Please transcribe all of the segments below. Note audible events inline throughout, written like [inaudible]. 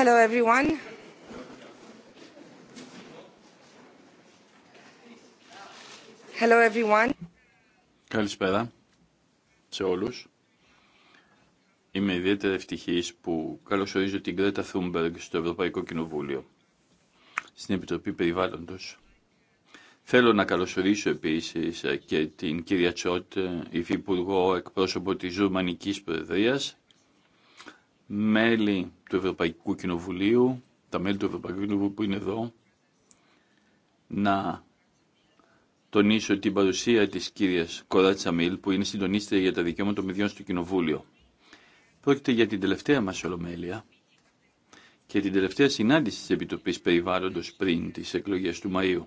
Hello everyone. Hello everyone. Καλησπέρα σε όλους. Είμαι ιδιαίτερα ευτυχής που καλωσορίζω την Κρέτα Θούμπεργκ στο Ευρωπαϊκό Κοινοβούλιο, στην Επιτροπή Περιβάλλοντος. Θέλω να καλωσορίσω επίσης και την κυρία Τσότ, υφυπουργό εκπρόσωπο της Ζουρμανικής Προεδρίας, μέλη του Ευρωπαϊκού Κοινοβουλίου, τα μέλη του Ευρωπαϊκού Κοινοβουλίου που είναι εδώ, να τονίσω την παρουσία της κυρίας Κοράτσα Μίλ, που είναι συντονίστρια για τα δικαιώματα των παιδιών στο Κοινοβούλιο. Πρόκειται για την τελευταία μας ολομέλεια και την τελευταία συνάντηση της Επιτροπής Περιβάλλοντος πριν τις εκλογές του Μαΐου.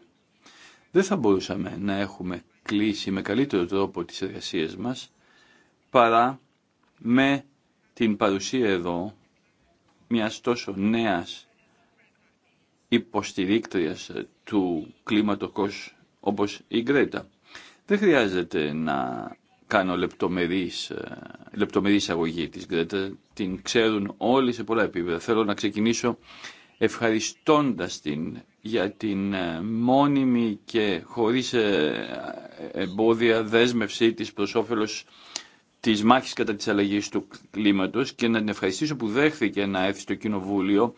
Δεν θα μπορούσαμε να έχουμε κλείσει με καλύτερο τρόπο τις εργασίες μας παρά με την παρουσία εδώ μιας τόσο νέας υποστηρίκτριας ε, του κλίματος όπως η Γκρέτα. Δεν χρειάζεται να κάνω λεπτομερής, ε, λεπτομερής αγωγή της Γκρέτα. Την ξέρουν όλοι σε πολλά επίπεδα. Θέλω να ξεκινήσω ευχαριστώντας την για την ε, μόνιμη και χωρίς εμπόδια δέσμευσή της προς όφελος Τη μάχης κατά της αλλαγής του κλίματος και να την ευχαριστήσω που δέχθηκε να έρθει στο Κοινοβούλιο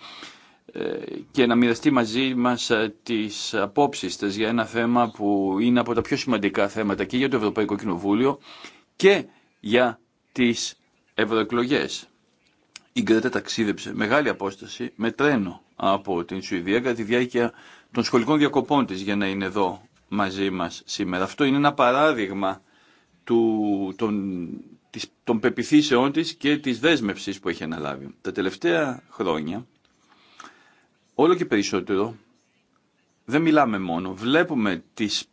ε, και να μοιραστεί μαζί μας ε, τις απόψεις της για ένα θέμα που είναι από τα πιο σημαντικά θέματα και για το Ευρωπαϊκό Κοινοβούλιο και για τις ευρωεκλογέ. Η Γκρέτα ταξίδεψε μεγάλη απόσταση με τρένο από την Σουηδία κατά τη διάρκεια των σχολικών διακοπών της για να είναι εδώ μαζί μας σήμερα. Αυτό είναι ένα παράδειγμα του, των των πεπιθήσεών της και της δέσμευσης που έχει αναλάβει. Τα τελευταία χρόνια, όλο και περισσότερο, δεν μιλάμε μόνο, βλέπουμε τις,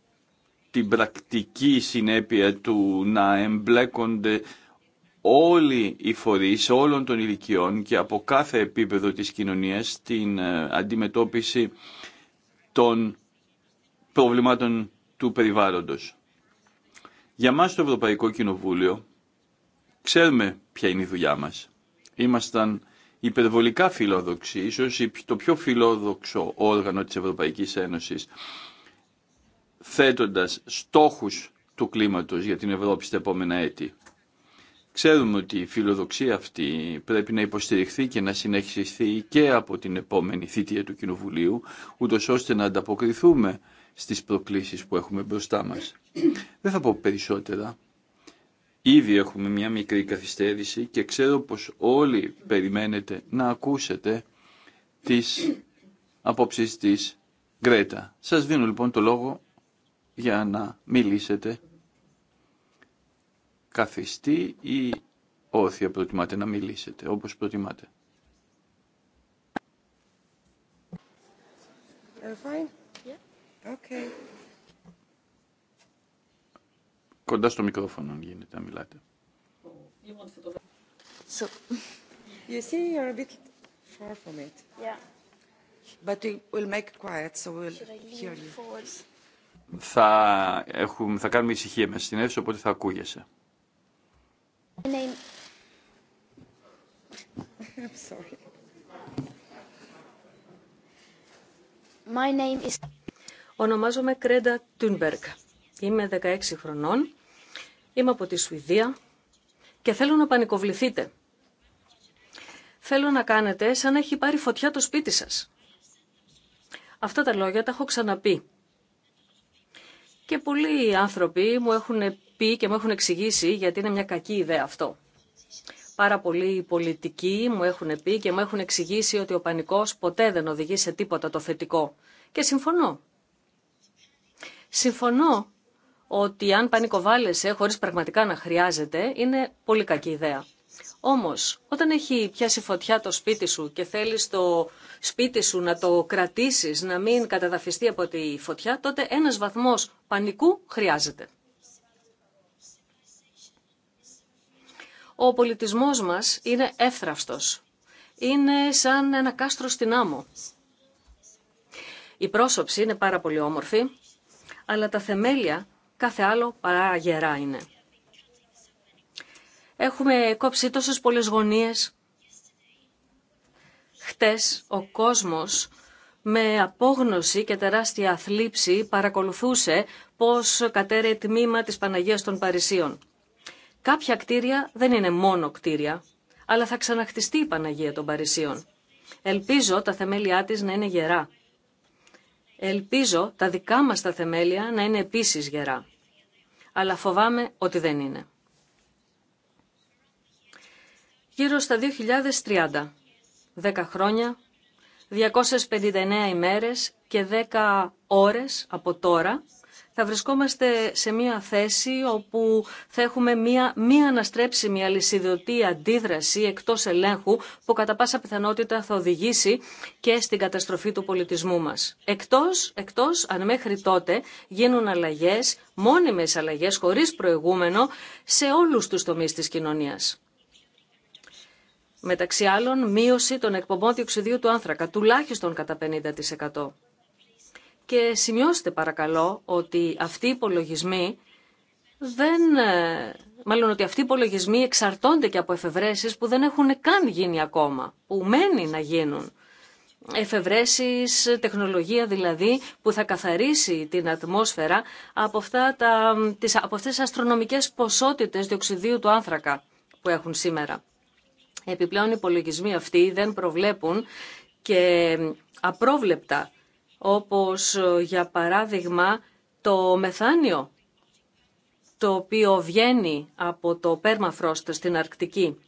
την πρακτική συνέπεια του να εμπλέκονται όλοι οι φορείς όλων των ηλικιών και από κάθε επίπεδο της κοινωνίας στην ε, αντιμετώπιση των προβλημάτων του περιβάλλοντος. Για μας το Ευρωπαϊκό Κοινοβούλιο Ξέρουμε ποια είναι η δουλειά μας. Ήμασταν υπερβολικά φιλόδοξοι, ίσως το πιο φιλόδοξο όργανο της Ευρωπαϊκής Ένωσης, θέτοντας στόχους του κλίματος για την Ευρώπη στα επόμενα έτη. Ξέρουμε ότι η φιλοδοξία αυτή πρέπει να υποστηριχθεί και να συνεχιστεί και από την επόμενη θητεία του Κοινοβουλίου, ούτω ώστε να ανταποκριθούμε στις προκλήσεις που έχουμε μπροστά μας. Δεν θα πω περισσότερα, Ήδη έχουμε μια μικρή καθυστέρηση και ξέρω πως όλοι περιμένετε να ακούσετε τις απόψεις της Γκρέτα. Σας δίνω λοιπόν το λόγο για να μιλήσετε. Καθιστή ή όθια προτιμάτε να μιλήσετε, όπως προτιμάτε. Okay. Κοντά στο μικρόφωνο, αν γίνεται, να μιλάτε. So, [laughs] you see, you're a bit far from it. Yeah. But we will make it quiet, so we'll hear you. Θα, έχουμε, θα κάνουμε ησυχία μέσα στην αίθουσα, οπότε θα ακούγεσαι. Name... [laughs] I'm sorry. My name is... Ονομάζομαι Κρέντα Τούνμπεργκ. Είμαι 16 χρονών Είμαι από τη Σουηδία και θέλω να πανικοβληθείτε. Θέλω να κάνετε σαν να έχει πάρει φωτιά το σπίτι σας. Αυτά τα λόγια τα έχω ξαναπεί. Και πολλοί άνθρωποι μου έχουν πει και μου έχουν εξηγήσει γιατί είναι μια κακή ιδέα αυτό. Πάρα πολλοί πολιτικοί μου έχουν πει και μου έχουν εξηγήσει ότι ο πανικός ποτέ δεν οδηγεί σε τίποτα το θετικό. Και συμφωνώ. Συμφωνώ ότι αν πανικοβάλλεσαι ε, χωρίς πραγματικά να χρειάζεται είναι πολύ κακή ιδέα. Όμως, όταν έχει πιάσει φωτιά το σπίτι σου και θέλεις το σπίτι σου να το κρατήσεις, να μην καταδαφιστεί από τη φωτιά, τότε ένας βαθμός πανικού χρειάζεται. Ο πολιτισμός μας είναι εύθραυστος. Είναι σαν ένα κάστρο στην άμμο. Η πρόσωψη είναι πάρα πολύ όμορφη, αλλά τα θεμέλια Κάθε άλλο παρά γερά είναι. Έχουμε κόψει τόσες πολλές γωνίες. Χτες ο κόσμος με απόγνωση και τεράστια θλίψη παρακολουθούσε πώς κατέρεε τμήμα της Παναγίας των Παρισίων. Κάποια κτίρια δεν είναι μόνο κτίρια, αλλά θα ξαναχτιστεί η Παναγία των Παρισίων. Ελπίζω τα θεμέλια της να είναι γερά Ελπίζω τα δικά μας τα θεμέλια να είναι επίσης γερά. Αλλά φοβάμαι ότι δεν είναι. Γύρω στα 2030, 10 χρόνια, 259 ημέρες και 10 ώρες από τώρα, θα βρισκόμαστε σε μια θέση όπου θα έχουμε μια μη αναστρέψιμη αλυσιδωτή αντίδραση εκτός ελέγχου που κατά πάσα πιθανότητα θα οδηγήσει και στην καταστροφή του πολιτισμού μας. Εκτός, εκτός αν μέχρι τότε γίνουν αλλαγές, μόνιμες αλλαγές χωρίς προηγούμενο σε όλους τους τομείς της κοινωνίας. Μεταξύ άλλων, μείωση των εκπομπών διοξιδίου του άνθρακα, τουλάχιστον κατά 50%. Και σημειώστε παρακαλώ ότι αυτοί οι υπολογισμοί δεν... Ε, μάλλον ότι αυτοί οι υπολογισμοί εξαρτώνται και από εφευρέσεις που δεν έχουν καν γίνει ακόμα, που μένει να γίνουν. Εφευρέσεις, τεχνολογία δηλαδή, που θα καθαρίσει την ατμόσφαιρα από, αυτά τα, τις, από αυτές τις αστρονομικές ποσότητες διοξιδίου του άνθρακα που έχουν σήμερα. Επιπλέον οι υπολογισμοί αυτοί δεν προβλέπουν και απρόβλεπτα όπως ε, για παράδειγμα το μεθάνιο, το οποίο βγαίνει από το πέρμαφρόστ στην Αρκτική.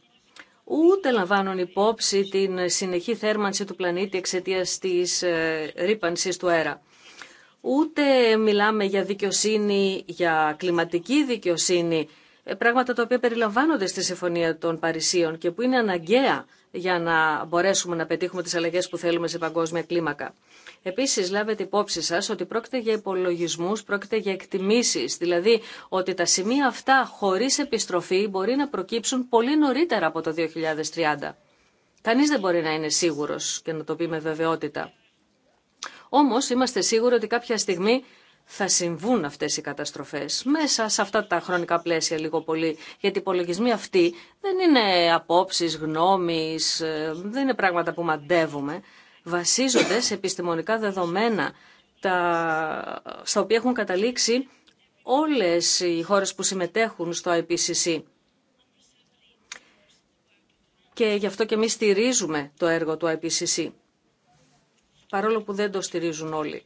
Ούτε λαμβάνουν υπόψη την συνεχή θέρμανση του πλανήτη εξαιτία της ε, ρήπανσης του αέρα. Ούτε μιλάμε για δικαιοσύνη, για κλιματική δικαιοσύνη, ε, πράγματα τα οποία περιλαμβάνονται στη Συμφωνία των Παρισίων και που είναι αναγκαία για να μπορέσουμε να πετύχουμε τις αλλαγές που θέλουμε σε παγκόσμια κλίμακα. Επίσης, λάβετε υπόψη σας ότι πρόκειται για υπολογισμούς, πρόκειται για εκτιμήσεις, δηλαδή ότι τα σημεία αυτά χωρίς επιστροφή μπορεί να προκύψουν πολύ νωρίτερα από το 2030. Κανείς δεν μπορεί να είναι σίγουρος και να το πει με βεβαιότητα. Όμως, είμαστε σίγουροι ότι κάποια στιγμή θα συμβούν αυτές οι καταστροφές μέσα σε αυτά τα χρονικά πλαίσια λίγο πολύ. Γιατί οι υπολογισμοί αυτοί δεν είναι απόψει γνώμης, ε, δεν είναι πράγματα που μαντεύουμε. Βασίζονται σε επιστημονικά δεδομένα τα, στα οποία έχουν καταλήξει όλες οι χώρες που συμμετέχουν στο IPCC. Και γι' αυτό και εμείς στηρίζουμε το έργο του IPCC, παρόλο που δεν το στηρίζουν όλοι.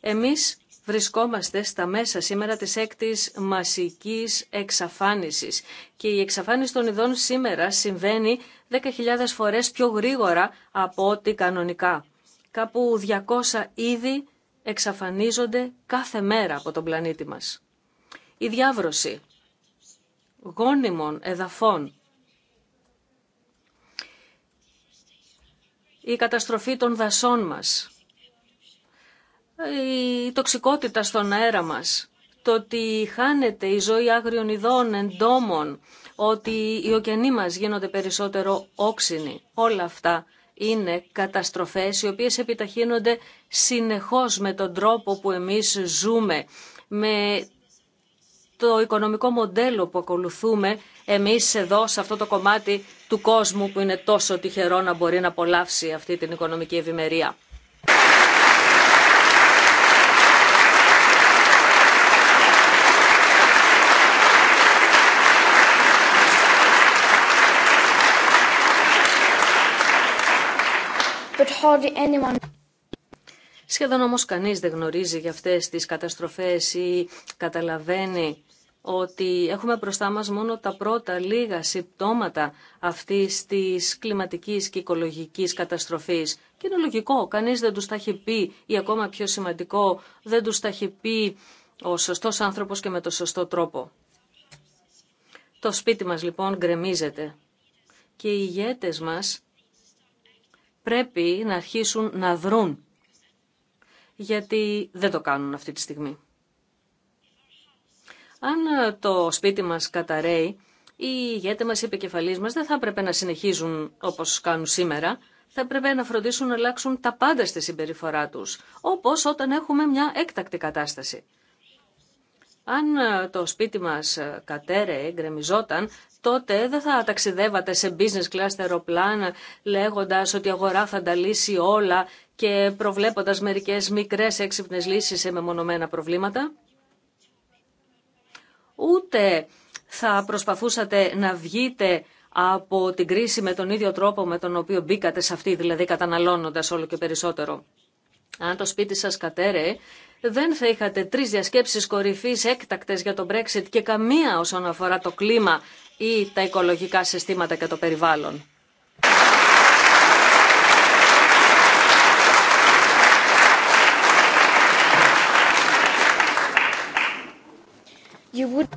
Εμείς Βρισκόμαστε στα μέσα σήμερα της έκτης μασικής εξαφάνισης και η εξαφάνιση των ειδών σήμερα συμβαίνει 10.000 φορές πιο γρήγορα από ό,τι κανονικά. Κάπου 200 είδη εξαφανίζονται κάθε μέρα από τον πλανήτη μας. Η διάβρωση γόνιμων εδαφών, η καταστροφή των δασών μας, η τοξικότητα στον αέρα μας, το ότι χάνεται η ζωή άγριων ειδών, εντόμων, ότι οι ωκεανοί μας γίνονται περισσότερο όξινοι. Όλα αυτά είναι καταστροφές οι οποίες επιταχύνονται συνεχώς με τον τρόπο που εμείς ζούμε, με το οικονομικό μοντέλο που ακολουθούμε εμείς εδώ σε αυτό το κομμάτι του κόσμου που είναι τόσο τυχερό να μπορεί να απολαύσει αυτή την οικονομική ευημερία. Σχεδόν όμως κανείς δεν γνωρίζει για αυτές τις καταστροφές ή καταλαβαίνει ότι έχουμε μπροστά μας μόνο τα πρώτα λίγα συμπτώματα αυτής της κλιματικής και οικολογικής καταστροφής. Και είναι λογικό, κανείς δεν τους τα έχει πει ή ακόμα πιο σημαντικό, δεν τους τα έχει πει ο σωστός άνθρωπος και με το σωστό τρόπο. Το σπίτι μας λοιπόν γκρεμίζεται και οι ηγέτες μας πρέπει να αρχίσουν να δρουν, γιατί δεν το κάνουν αυτή τη στιγμή. Αν το σπίτι μας καταραίει, οι ηγέτε μας, οι επικεφαλείς μας δεν θα έπρεπε να συνεχίζουν όπως κάνουν σήμερα, θα έπρεπε να φροντίσουν να αλλάξουν τα πάντα στη συμπεριφορά τους, όπως όταν έχουμε μια έκτακτη κατάσταση. Αν ε, το σπίτι μας ε, κατέρεε, γκρεμιζόταν, τότε δεν θα ταξιδεύατε σε business class αεροπλάνα ε, λέγοντας ότι η αγορά θα τα λύσει όλα και προβλέποντας μερικές μικρές έξυπνες λύσεις σε μεμονωμένα προβλήματα. Ούτε θα προσπαθούσατε να βγείτε από την κρίση με τον ίδιο τρόπο με τον οποίο μπήκατε σε αυτή, δηλαδή καταναλώνοντας όλο και περισσότερο. Αν το σπίτι σας κατέρεε, δεν θα είχατε τρεις διασκέψεις κορυφής έκτακτες για το Brexit και καμία όσον αφορά το κλίμα ή τα οικολογικά συστήματα και το περιβάλλον. would...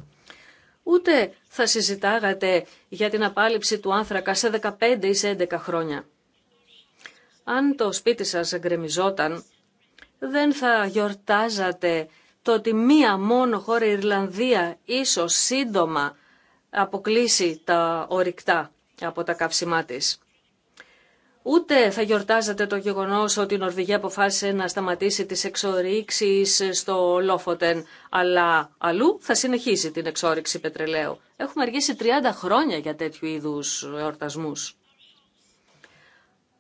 Ούτε θα συζητάγατε για την απάλληψη του άνθρακα σε 15 ή σε 11 χρόνια. Αν το σπίτι σας γκρεμιζόταν δεν θα γιορτάζατε το ότι μία μόνο χώρα η Ιρλανδία ίσως σύντομα αποκλείσει τα ορυκτά από τα καύσιμά της. Ούτε θα γιορτάζατε το γεγονός ότι η Νορβηγία αποφάσισε να σταματήσει τις εξορίξεις στο Λόφοτεν, αλλά αλλού θα συνεχίσει την εξόριξη πετρελαίου. Έχουμε αργήσει 30 χρόνια για τέτοιου είδους εορτασμούς.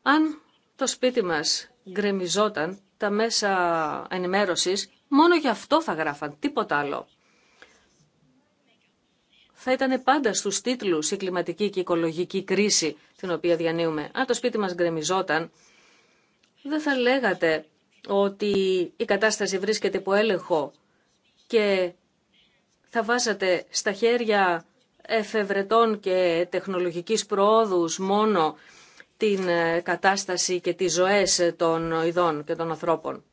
Αν το σπίτι μας γκρεμιζόταν τα μέσα ενημέρωσης μόνο γι' αυτό θα γράφαν, τίποτα άλλο. Θα ήταν πάντα στους τίτλους η κλιματική και οικολογική κρίση την οποία διανύουμε. Αν το σπίτι μας γκρεμιζόταν, δεν θα λέγατε ότι η κατάσταση βρίσκεται υπό έλεγχο και θα βάζατε στα χέρια εφευρετών και τεχνολογικής προόδους μόνο την ε, κατάσταση και τις ζωές ε, των ειδών και των ανθρώπων.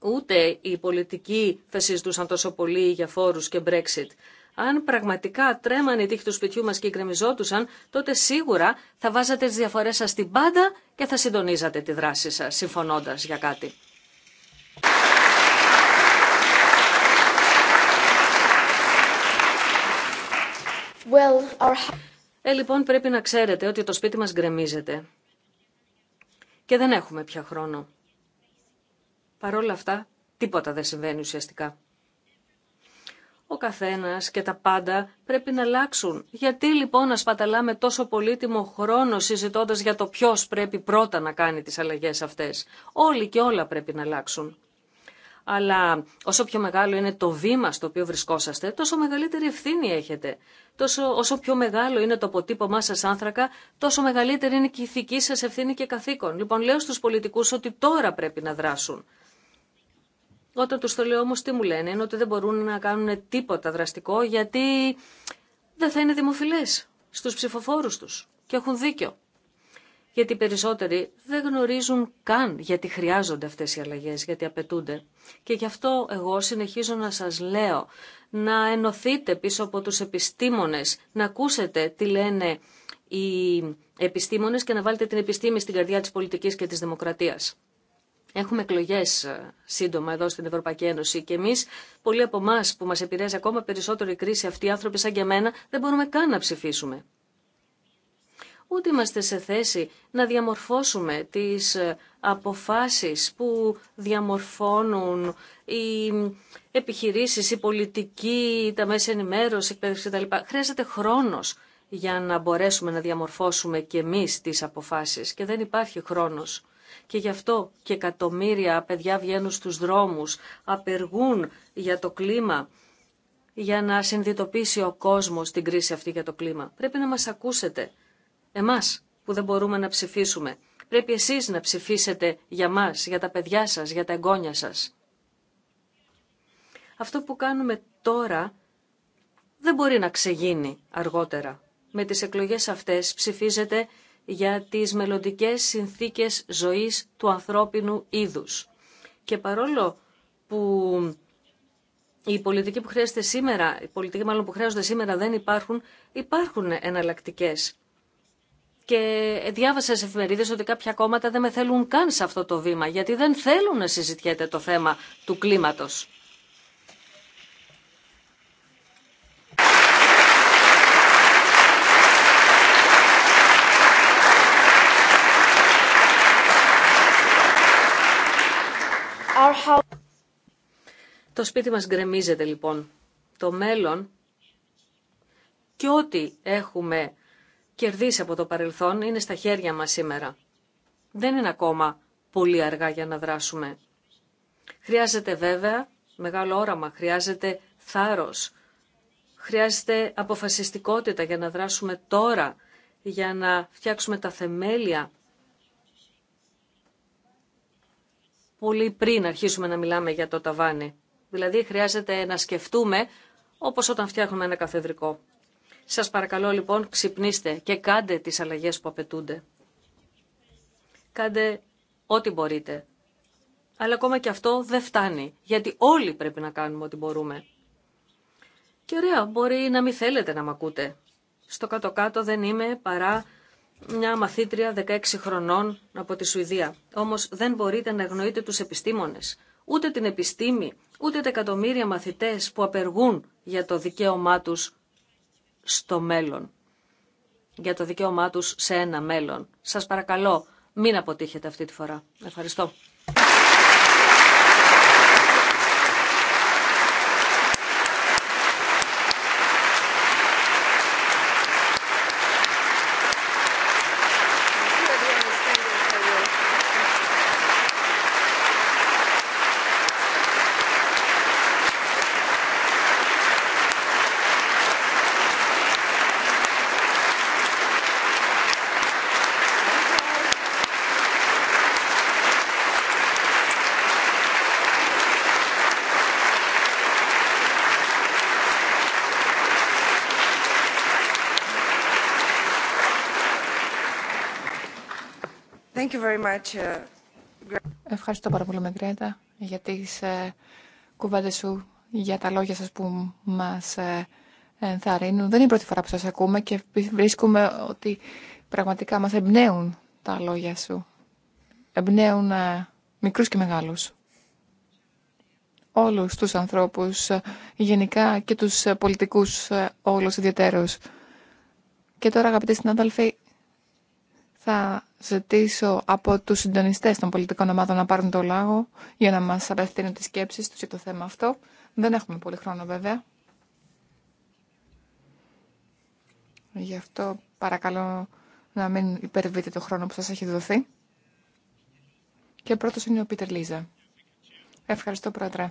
Ούτε οι πολιτικοί θα συζητούσαν τόσο πολύ για φόρους και Brexit. Αν πραγματικά τρέμανε οι τύχοι του σπιτιού μας και γκρεμιζόντουσαν, τότε σίγουρα θα βάζατε τις διαφορές σας στην πάντα και θα συντονίζατε τη δράση σας, συμφωνώντας για κάτι. Well, ε, λοιπόν, πρέπει να ξέρετε ότι το σπίτι μας γκρεμίζεται. Και δεν έχουμε πια χρόνο. Παρ' όλα αυτά, τίποτα δεν συμβαίνει ουσιαστικά. Ο καθένας και τα πάντα πρέπει να αλλάξουν. Γιατί λοιπόν να σπαταλάμε τόσο πολύτιμο χρόνο συζητώντας για το ποιος πρέπει πρώτα να κάνει τις αλλαγές αυτές. Όλοι και όλα πρέπει να αλλάξουν αλλά όσο πιο μεγάλο είναι το βήμα στο οποίο βρισκόσαστε, τόσο μεγαλύτερη ευθύνη έχετε. Τόσο, όσο πιο μεγάλο είναι το αποτύπωμά σα άνθρακα, τόσο μεγαλύτερη είναι και η ηθική σα ευθύνη και καθήκον. Λοιπόν, λέω στου πολιτικού ότι τώρα πρέπει να δράσουν. Όταν του το λέω όμω, τι μου λένε, είναι ότι δεν μπορούν να κάνουν τίποτα δραστικό γιατί δεν θα είναι δημοφιλέ στου ψηφοφόρου του. Και έχουν δίκιο γιατί οι περισσότεροι δεν γνωρίζουν καν γιατί χρειάζονται αυτές οι αλλαγές, γιατί απαιτούνται. Και γι' αυτό εγώ συνεχίζω να σας λέω να ενωθείτε πίσω από τους επιστήμονες, να ακούσετε τι λένε οι επιστήμονες και να βάλετε την επιστήμη στην καρδιά της πολιτικής και της δημοκρατίας. Έχουμε εκλογέ ε, σύντομα εδώ στην Ευρωπαϊκή Ένωση και εμεί, πολλοί από εμά που μα επηρέαζε ακόμα περισσότερο η κρίση αυτοί οι άνθρωποι σαν και εμένα, δεν μπορούμε καν να ψηφίσουμε ούτε είμαστε σε θέση να διαμορφώσουμε τις ε, αποφάσεις που διαμορφώνουν οι επιχειρήσεις, η πολιτική, τα μέσα ενημέρωση, εκπαίδευση κτλ. Χρειάζεται χρόνος για να μπορέσουμε να διαμορφώσουμε και εμείς τις αποφάσεις και δεν υπάρχει χρόνος. Και γι' αυτό και εκατομμύρια παιδιά βγαίνουν στους δρόμους, απεργούν για το κλίμα, για να συνειδητοποιήσει ο κόσμος την κρίση αυτή για το κλίμα. Πρέπει να μας ακούσετε εμάς που δεν μπορούμε να ψηφίσουμε. Πρέπει εσείς να ψηφίσετε για μας, για τα παιδιά σας, για τα εγγόνια σας. Αυτό που κάνουμε τώρα δεν μπορεί να ξεγίνει αργότερα. Με τις εκλογές αυτές ψηφίζετε για τις μελλοντικέ συνθήκες ζωής του ανθρώπινου είδους. Και παρόλο που οι πολιτικοί που χρειάζεται σήμερα, οι πολιτικοί μάλλον που χρειάζονται σήμερα δεν υπάρχουν, υπάρχουν εναλλακτικέ και διάβασα σε εφημερίδες ότι κάποια κόμματα δεν με θέλουν καν σε αυτό το βήμα, γιατί δεν θέλουν να συζητιέται το θέμα του κλίματο. Το σπίτι μας γκρεμίζεται λοιπόν. Το μέλλον και ό,τι έχουμε κερδίσει από το παρελθόν είναι στα χέρια μας σήμερα. Δεν είναι ακόμα πολύ αργά για να δράσουμε. Χρειάζεται βέβαια μεγάλο όραμα, χρειάζεται θάρρος, χρειάζεται αποφασιστικότητα για να δράσουμε τώρα, για να φτιάξουμε τα θεμέλια πολύ πριν αρχίσουμε να μιλάμε για το ταβάνι. Δηλαδή χρειάζεται να σκεφτούμε όπως όταν φτιάχνουμε ένα καθεδρικό. Σας παρακαλώ λοιπόν ξυπνήστε και κάντε τις αλλαγές που απαιτούνται. Κάντε ό,τι μπορείτε. Αλλά ακόμα και αυτό δεν φτάνει, γιατί όλοι πρέπει να κάνουμε ό,τι μπορούμε. Και ωραία, μπορεί να μην θέλετε να μ' ακούτε. Στο κάτω-κάτω δεν είμαι παρά μια μαθήτρια 16 χρονών από τη Σουηδία. Όμως δεν μπορείτε να γνωρίτε τους επιστήμονες. Ούτε την επιστήμη, ούτε τα εκατομμύρια μαθητές που απεργούν για το δικαίωμά τους στο μέλλον, για το δικαίωμά τους σε ένα μέλλον. Σας παρακαλώ, μην αποτύχετε αυτή τη φορά. Ευχαριστώ. Uh, Ευχαριστώ πάρα πολύ, Μεγκρέτα, για τις ε, κουβέντε σου, για τα λόγια σας που μας ε, ενθαρρύνουν. Δεν είναι η πρώτη φορά που σας ακούμε και βρίσκουμε ότι πραγματικά μας εμπνέουν τα λόγια σου. Εμπνέουν μικρού ε, μικρούς και μεγάλους. Όλους τους ανθρώπους, γενικά και τους πολιτικούς όλους ιδιαίτερους. Και τώρα, αγαπητοί συνάδελφοι, θα ζητήσω από τους συντονιστές των πολιτικών ομάδων να πάρουν το λάγο για να μας απευθύνουν τις σκέψεις τους για το θέμα αυτό. Δεν έχουμε πολύ χρόνο βέβαια. Γι' αυτό παρακαλώ να μην υπερβείτε το χρόνο που σας έχει δοθεί. Και πρώτος είναι ο Πίτερ Λίζα. Ευχαριστώ πρόεδρε.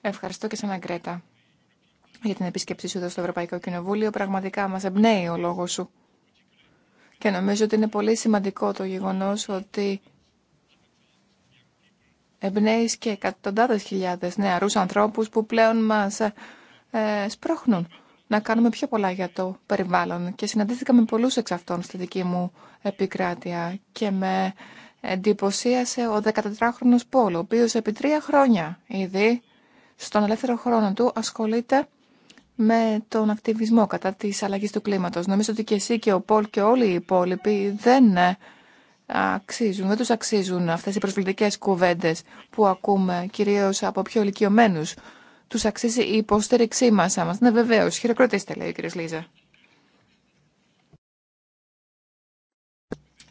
Ευχαριστώ και σαν Αγκρέτα για την επίσκεψή σου εδώ στο Ευρωπαϊκό Κοινοβούλιο. Πραγματικά μας εμπνέει ο λόγος σου. Και νομίζω ότι είναι πολύ σημαντικό το γεγονός ότι εμπνέεις και εκατοντάδες χιλιάδες νεαρούς ανθρώπους που πλέον μας ε, σπρώχνουν να κάνουμε πιο πολλά για το περιβάλλον. Και συναντήθηκα με πολλούς εξ αυτών στη δική μου επικράτεια και με εντυπωσίασε ο 14χρονος Πόλο, ο οποίος επί τρία χρόνια ήδη στον ελεύθερο χρόνο του ασχολείται με τον ακτιβισμό κατά της αλλαγής του κλίματος. Νομίζω ότι και εσύ και ο Πολ και όλοι οι υπόλοιποι δεν ε, αξίζουν, δεν τους αξίζουν αυτές οι προσβλητικές κουβέντες που ακούμε κυρίως από πιο ηλικιωμένου. Τους αξίζει η υποστήριξή μας άμας. Ναι βεβαίως, χειροκροτήστε λέει ο κ. Λίζα.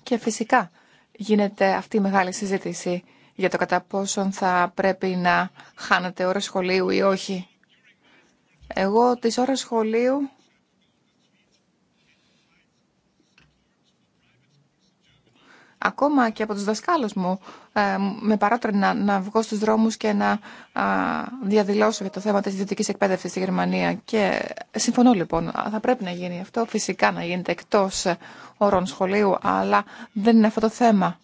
Και φυσικά γίνεται αυτή η μεγάλη συζήτηση για το κατά πόσον θα πρέπει να χάνεται ώρα σχολείου ή όχι. Εγώ τις ώρες σχολείου ακόμα και από τους δασκάλους μου ε, με παράτρενα να βγω στους δρόμους και να διαδηλώσω για το θέμα της ιδιωτικής εκπαίδευσης στη Γερμανία. Και συμφωνώ λοιπόν, θα πρέπει να γίνει αυτό, φυσικά να γίνεται εκτός όρων σχολείου, αλλά δεν είναι αυτό το θέμα.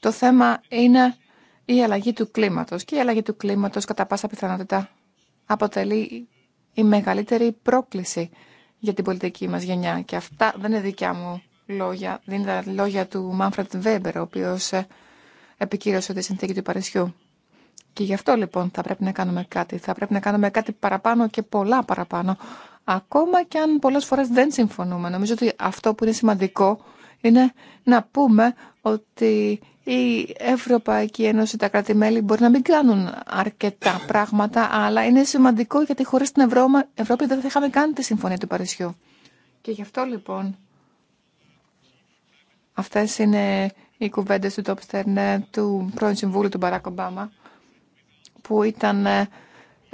Το θέμα είναι η αλλαγή του κλίματος. Και η αλλαγή του κλίματος κατά πάσα πιθανότητα αποτελεί η μεγαλύτερη πρόκληση για την πολιτική μας γενιά. Και αυτά δεν είναι δικιά μου λόγια, δεν είναι τα λόγια του Μάνφρετ Βέμπερ, ο οποίος ε, επικύρωσε τη συνθήκη του Παρισιού. Και γι' αυτό λοιπόν θα πρέπει να κάνουμε κάτι. Θα πρέπει να κάνουμε κάτι παραπάνω και πολλά παραπάνω. Ακόμα και αν πολλές φορές δεν συμφωνούμε. Νομίζω ότι αυτό που είναι σημαντικό είναι να πούμε ότι η Ευρωπαϊκή Ένωση, τα κράτη-μέλη μπορεί να μην κάνουν αρκετά πράγματα, αλλά είναι σημαντικό γιατί χωρίς την Ευρώπη δεν θα είχαμε καν τη Συμφωνία του Παρισιού. Και γι' αυτό λοιπόν αυτές είναι οι κουβέντες του Τόπστερν ε, του πρώην Συμβούλου του Μπαράκ Ομπάμα, που ήταν ε,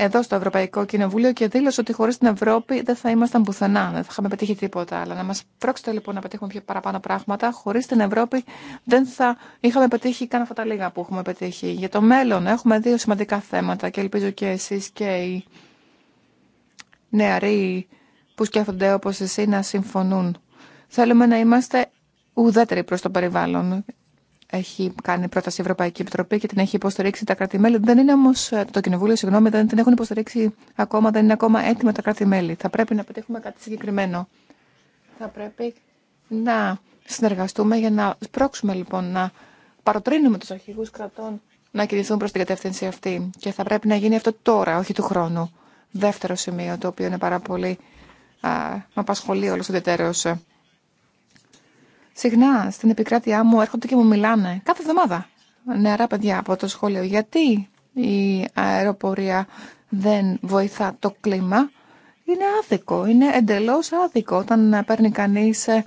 εδώ στο Ευρωπαϊκό Κοινοβούλιο και δήλωσε ότι χωρί την Ευρώπη δεν θα ήμασταν πουθενά, δεν θα είχαμε πετύχει τίποτα. Αλλά να μα πρόξετε λοιπόν να πετύχουμε πιο παραπάνω πράγματα. Χωρί την Ευρώπη δεν θα είχαμε πετύχει καν αυτά τα λίγα που έχουμε πετύχει. Για το μέλλον έχουμε δύο σημαντικά θέματα και ελπίζω και εσεί και οι νεαροί που σκέφτονται όπω εσύ να συμφωνούν. Θέλουμε να είμαστε ουδέτεροι προ το περιβάλλον έχει κάνει πρόταση η Ευρωπαϊκή Επιτροπή και την έχει υποστηρίξει τα κράτη-μέλη. Δεν είναι όμω ε, το Κοινοβούλιο, συγγνώμη, δεν την έχουν υποστηρίξει ακόμα, δεν είναι ακόμα έτοιμα τα κράτη-μέλη. Θα πρέπει να πετύχουμε κάτι συγκεκριμένο. Θα πρέπει να συνεργαστούμε για να σπρώξουμε λοιπόν, να παροτρύνουμε του αρχηγού κρατών να κινηθούν προ την κατεύθυνση αυτή. Και θα πρέπει να γίνει αυτό τώρα, όχι του χρόνου. Δεύτερο σημείο, το οποίο είναι πάρα πολύ. Α, με απασχολεί όλο ο συχνά στην επικράτειά μου έρχονται και μου μιλάνε κάθε εβδομάδα νεαρά παιδιά από το σχολείο. Γιατί η αεροπορία δεν βοηθά το κλίμα. Είναι άδικο, είναι εντελώς άδικο όταν παίρνει κανείς ε,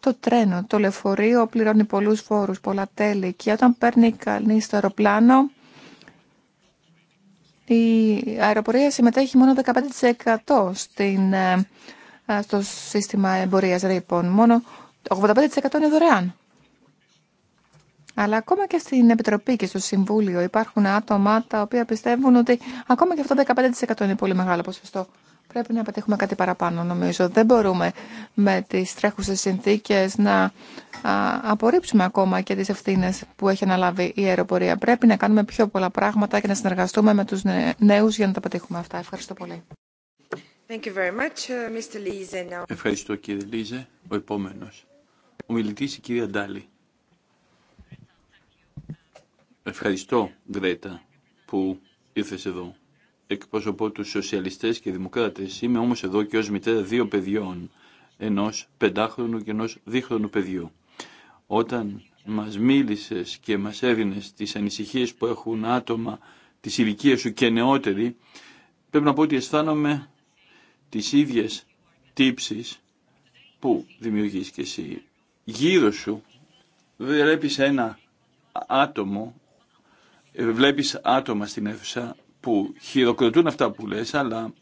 το τρένο, το λεωφορείο, πληρώνει πολλούς φόρους, πολλά τέλη και όταν παίρνει κανείς το αεροπλάνο η αεροπορία συμμετέχει μόνο 15% ε, ε, στο σύστημα εμπορίας ρήπων. Μόνο 85% είναι δωρεάν. Αλλά ακόμα και στην Επιτροπή και στο Συμβούλιο υπάρχουν άτομα τα οποία πιστεύουν ότι ακόμα και αυτό το 15% είναι πολύ μεγάλο ποσοστό. Πρέπει να πετύχουμε κάτι παραπάνω νομίζω. Δεν μπορούμε με τις τρέχουσες συνθήκες να απορρίψουμε ακόμα και τις ευθύνε που έχει αναλάβει η αεροπορία. Πρέπει να κάνουμε πιο πολλά πράγματα και να συνεργαστούμε με τους νέους για να τα πετύχουμε αυτά. Ευχαριστώ πολύ. Uh, Ευχαριστώ κύριε Λίζε. Ο επόμενος. Ο μιλητής, η κυρία Ντάλη. Ευχαριστώ, Γκρέτα, που ήρθε εδώ. Εκπροσωπώ του σοσιαλιστές και δημοκράτες. Είμαι όμως εδώ και ω μητέρα δύο παιδιών, ενός πεντάχρονου και ενός δίχρονου παιδιού. Όταν μας μίλησες και μας έδινες τις ανησυχίες που έχουν άτομα της ηλικία σου και νεότεροι, πρέπει να πω ότι αισθάνομαι τι ίδιε τύψει που δημιουργείς και εσύ γύρω σου βλέπεις ένα άτομο, ε, βλέπεις άτομα στην αίθουσα που χειροκροτούν αυτά που λες, αλλά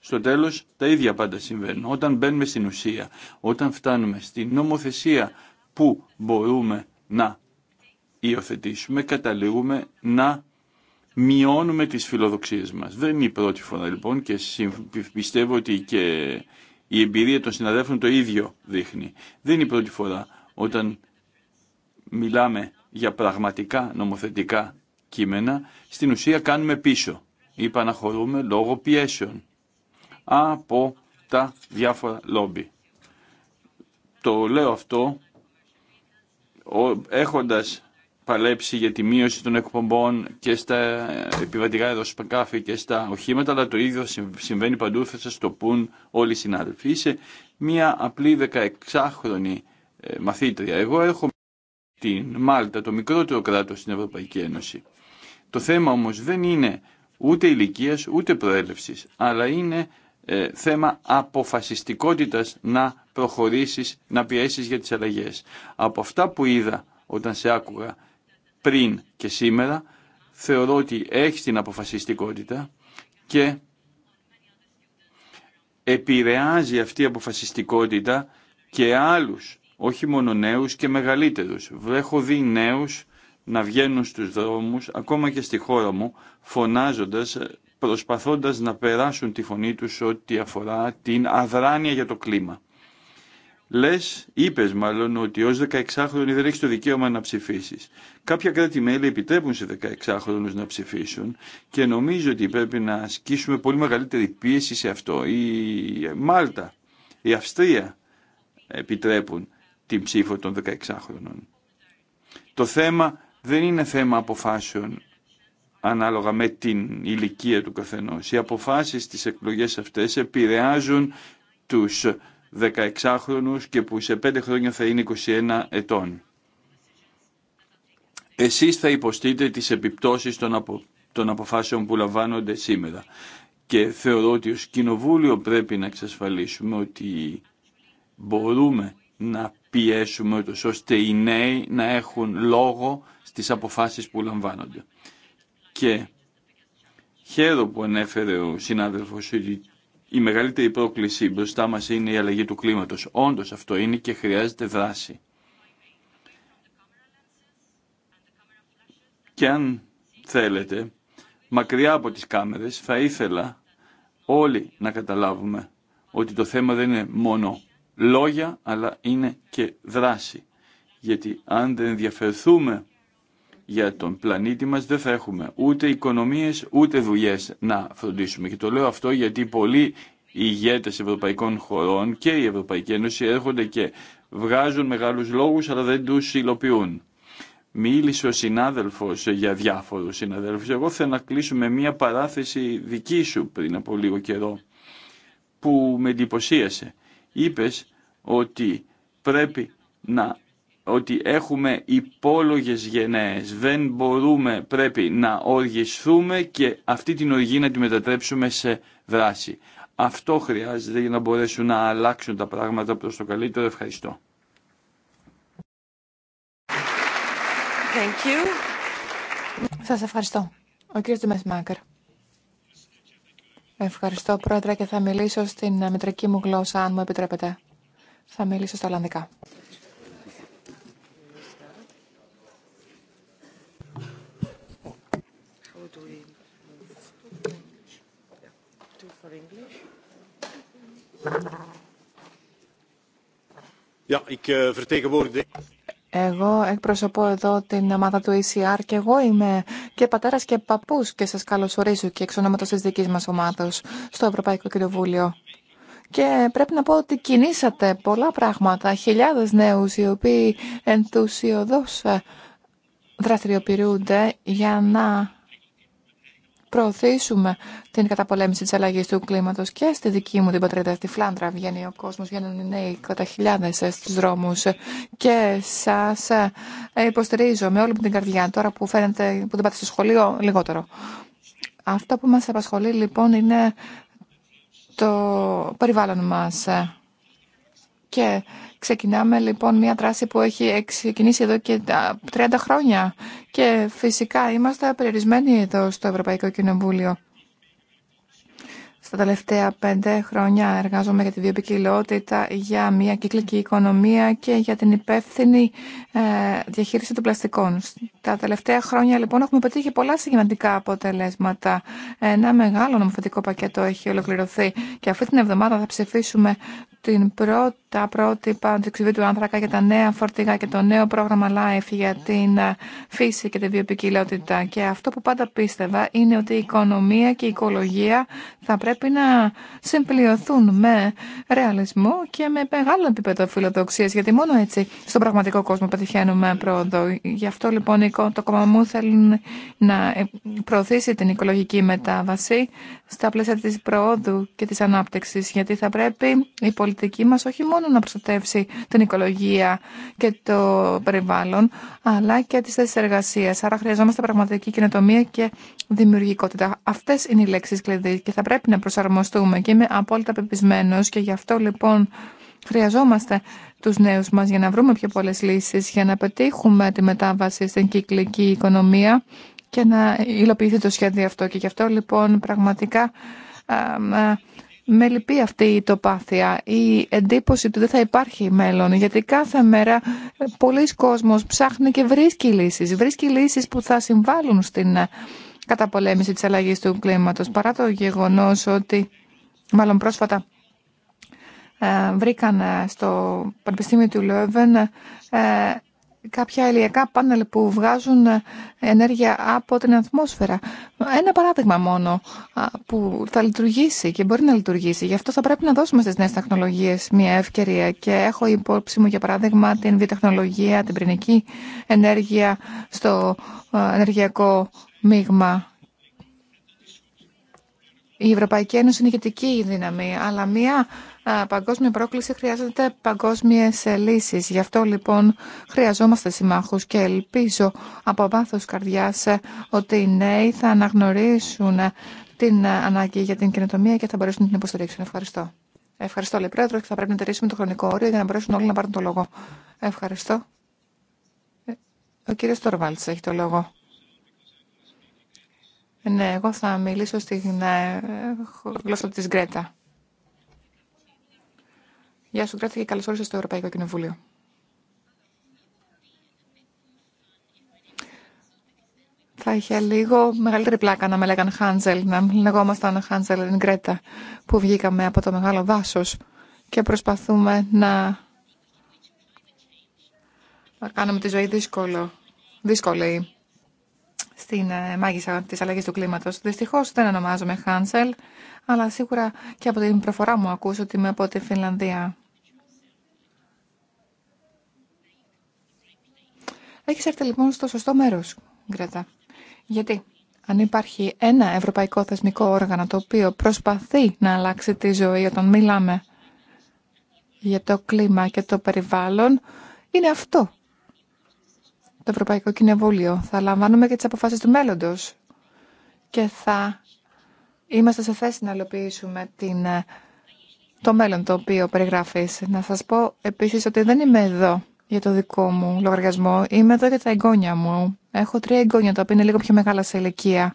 στο τέλος τα ίδια πάντα συμβαίνουν. Όταν μπαίνουμε στην ουσία, όταν φτάνουμε στην νομοθεσία που μπορούμε να υιοθετήσουμε, καταλήγουμε να μειώνουμε τις φιλοδοξίες μας. Δεν είναι η πρώτη φορά λοιπόν και πιστεύω ότι και η εμπειρία των συναδέλφων το ίδιο δείχνει. Δεν είναι η πρώτη φορά όταν μιλάμε για πραγματικά νομοθετικά κείμενα, στην ουσία κάνουμε πίσω ή παναχωρούμε λόγω πιέσεων από τα διάφορα λόμπι. Το λέω αυτό έχοντας παλέψει για τη μείωση των εκπομπών και στα επιβατικά αεροσκάφη και στα οχήματα, αλλά το ίδιο συμβαίνει παντού, θα σας το πούν όλοι οι συνάδελφοι. Είσαι μία απλή 16χρονη ε, μαθήτρια. Εγώ έχω την Μάλτα, το μικρότερο κράτος στην Ευρωπαϊκή Ένωση. Το θέμα όμως δεν είναι ούτε ηλικία ούτε προέλευση, αλλά είναι ε, θέμα αποφασιστικότητας να προχωρήσεις, να πιέσεις για τις αλλαγές. Από αυτά που είδα όταν σε άκουγα πριν και σήμερα, θεωρώ ότι έχει την αποφασιστικότητα και επηρεάζει αυτή η αποφασιστικότητα και άλλους, όχι μόνο νέους και μεγαλύτερους. Έχω δει νέους να βγαίνουν στους δρόμους, ακόμα και στη χώρα μου, φωνάζοντας, προσπαθώντας να περάσουν τη φωνή τους ό,τι αφορά την αδράνεια για το κλίμα. Λε, είπε μάλλον ότι ω 16χρονοι δεν έχει το δικαίωμα να ψηφίσει. Κάποια κράτη-μέλη επιτρέπουν σε 16χρονου να ψηφίσουν και νομίζω ότι πρέπει να ασκήσουμε πολύ μεγαλύτερη πίεση σε αυτό. Η Μάλτα, η Αυστρία επιτρέπουν την ψήφο των 16χρονων. Το θέμα δεν είναι θέμα αποφάσεων ανάλογα με την ηλικία του καθενός. Οι αποφάσεις στις εκλογές αυτές επηρεάζουν τους 16χρονους και που σε 5 χρόνια θα είναι 21 ετών. Εσείς θα υποστείτε τις επιπτώσεις των, απο... αποφάσεων που λαμβάνονται σήμερα. Και θεωρώ ότι ως Κοινοβούλιο πρέπει να εξασφαλίσουμε ότι μπορούμε να πιέσουμε ώστε οι νέοι να έχουν λόγο στις αποφάσεις που λαμβάνονται. Και χαίρο που ανέφερε ο συνάδελφος ότι η μεγαλύτερη πρόκληση μπροστά μας είναι η αλλαγή του κλίματος. Όντως αυτό είναι και χρειάζεται δράση. Και αν θέλετε, μακριά από τις κάμερες, θα ήθελα όλοι να καταλάβουμε ότι το θέμα δεν είναι μόνο λόγια, αλλά είναι και δράση. Γιατί αν δεν ενδιαφερθούμε για τον πλανήτη μας δεν θα έχουμε ούτε οικονομίες ούτε δουλειές να φροντίσουμε. Και το λέω αυτό γιατί πολλοί ηγέτες ευρωπαϊκών χωρών και η Ευρωπαϊκή Ένωση έρχονται και βγάζουν μεγάλους λόγους αλλά δεν τους υλοποιούν. Μίλησε ο συνάδελφος για διάφορους συναδέλφους. Εγώ θέλω να κλείσω με μια παράθεση δική σου πριν από λίγο καιρό που με εντυπωσίασε. Είπες ότι πρέπει να ότι έχουμε υπόλογες γενναίες. Δεν μπορούμε, πρέπει να οργιστούμε και αυτή την οργή να τη μετατρέψουμε σε δράση. Αυτό χρειάζεται για να μπορέσουν να αλλάξουν τα πράγματα προς το καλύτερο. Ευχαριστώ. Thank you. Σας ευχαριστώ. Ο κύριος Ευχαριστώ, Πρόεδρε, και θα μιλήσω στην μετρική μου γλώσσα, αν μου επιτρέπετε. Θα μιλήσω στα Ολλανδικά. Eh, εγώ εκπροσωπώ εδώ την ομάδα του ECR και εγώ είμαι και πατέρας και παππούς και σας καλωσορίζω και εξ ονόματος της δικής μας ομάδος στο Ευρωπαϊκό Κοινοβούλιο. Και πρέπει να πω ότι κινήσατε πολλά πράγματα, χιλιάδες νέους οι οποίοι ενθουσιοδός ε, δραστηριοποιούνται για να προωθήσουμε την καταπολέμηση τη αλλαγή του κλίματο και στη δική μου την πατρίδα, στη Φλάντρα, βγαίνει ο κόσμο βγαίνουν οι νέοι κατά χιλιάδες στου δρόμου και σα ε, υποστηρίζω με όλη μου την καρδιά τώρα που φαίνεται που δεν πάτε στο σχολείο λιγότερο. Αυτό που μα απασχολεί λοιπόν είναι το περιβάλλον μας και ξεκινάμε λοιπόν μια δράση που έχει ξεκινήσει εδώ και 30 χρόνια και φυσικά είμαστε περιορισμένοι εδώ στο Ευρωπαϊκό Κοινοβούλιο. Στα τελευταία πέντε χρόνια εργάζομαι για τη βιοπικιλότητα, για μια κυκλική οικονομία και για την υπεύθυνη ε, διαχείριση των πλαστικών. Τα τελευταία χρόνια λοιπόν έχουμε πετύχει πολλά σημαντικά αποτελέσματα. Ένα μεγάλο νομοθετικό πακέτο έχει ολοκληρωθεί και αυτή την εβδομάδα θα ψηφίσουμε την πρώτα πρότυπα του του άνθρακα για τα νέα φορτηγά και το νέο πρόγραμμα LIFE για την ε, φύση και τη βιοπικιλότητα. Και αυτό που πάντα πίστευα είναι ότι η οικονομία και η οικολογία θα πρέπει να συμπληρωθούν με ρεαλισμό και με μεγάλο επίπεδο φιλοδοξίας, γιατί μόνο έτσι στον πραγματικό κόσμο πετυχαίνουμε πρόοδο. Γι' αυτό λοιπόν το κόμμα μου θέλει να ε, προωθήσει την οικολογική μετάβαση στα πλαίσια της προόδου και της ανάπτυξης, γιατί θα πρέπει πολιτική μας όχι μόνο να προστατεύσει την οικολογία και το περιβάλλον, αλλά και τις θέσεις εργασίας. Άρα χρειαζόμαστε πραγματική καινοτομία και δημιουργικότητα. Αυτές είναι οι λέξεις κλειδί και θα πρέπει να προσαρμοστούμε και είμαι απόλυτα πεπισμένο. και γι' αυτό λοιπόν χρειαζόμαστε τους νέους μας για να βρούμε πιο πολλές λύσεις, για να πετύχουμε τη μετάβαση στην κυκλική οικονομία και να υλοποιηθεί το σχέδιο αυτό. Και γι' αυτό λοιπόν πραγματικά με λυπεί αυτή η τοπάθεια, η εντύπωση ότι δεν θα υπάρχει μέλλον, γιατί κάθε μέρα πολλοί κόσμος ψάχνει και βρίσκει λύσεις. Βρίσκει λύσεις που θα συμβάλλουν στην ε, καταπολέμηση της αλλαγής του κλίματος, παρά το γεγονός ότι, μάλλον πρόσφατα, ε, βρήκαν ε, στο Πανεπιστήμιο του Λόβεν κάποια ηλιακά πάνελ που βγάζουν ε, ενέργεια από την ατμόσφαιρα. Ένα παράδειγμα μόνο που θα λειτουργήσει και μπορεί να λειτουργήσει. Γι' αυτό θα πρέπει να δώσουμε στις νέες τεχνολογίες μια ευκαιρία και έχω υπόψη μου για παράδειγμα την βιοτεχνολογία, την πυρηνική ενέργεια στο ε, ενεργειακό μείγμα. Η Ευρωπαϊκή Ένωση είναι ηγετική δύναμη, αλλά μια παγκόσμια πρόκληση χρειάζεται παγκόσμιες ε, λύσεις. Γι' αυτό λοιπόν χρειαζόμαστε συμμάχους και ελπίζω από βάθος καρδιάς ε, ότι οι νέοι θα αναγνωρίσουν ε, την ανάγκη για την καινοτομία και θα μπορέσουν να την υποστηρίξουν. Ευχαριστώ. Ευχαριστώ, λέει και θα πρέπει να τηρήσουμε το χρονικό όριο για να μπορέσουν όλοι να πάρουν το λόγο. Ευχαριστώ. Ο κύριο Τορβάλτ έχει το λόγο. Ναι, εγώ θα μιλήσω στην γλώσσα της Γκρέτα. Γεια σου, Γκρέτα, και καλώ ήρθατε στο Ευρωπαϊκό Κοινοβούλιο. Θα είχε λίγο μεγαλύτερη πλάκα να με λέγανε Χάντζελ, να μην λεγόμασταν Χάντζελ και Γκρέτα, που βγήκαμε από το μεγάλο δάσο και προσπαθούμε να, κάνουμε τη ζωή δύσκολο, δύσκολη στην ε, μάγισσα της αλλαγής του κλίματος. Δυστυχώς δεν ονομάζομαι Χάνσελ, αλλά σίγουρα και από την προφορά μου ακούσω ότι είμαι από τη Φινλανδία. Έχεις έρθει λοιπόν στο σωστό μέρος, Γκρέτα. Γιατί αν υπάρχει ένα ευρωπαϊκό θεσμικό όργανο το οποίο προσπαθεί να αλλάξει τη ζωή όταν μιλάμε για το κλίμα και το περιβάλλον, είναι αυτό. Το Ευρωπαϊκό Κοινοβούλιο. Θα λαμβάνουμε και τις αποφάσεις του μέλλοντος και θα είμαστε σε θέση να υλοποιήσουμε την, ε, το μέλλον το οποίο περιγράφεις. Να σας πω επίσης ότι δεν είμαι εδώ για το δικό μου λογαριασμό. Είμαι εδώ για τα εγγόνια μου. Έχω τρία εγγόνια τα οποία είναι λίγο πιο μεγάλα σε ηλικία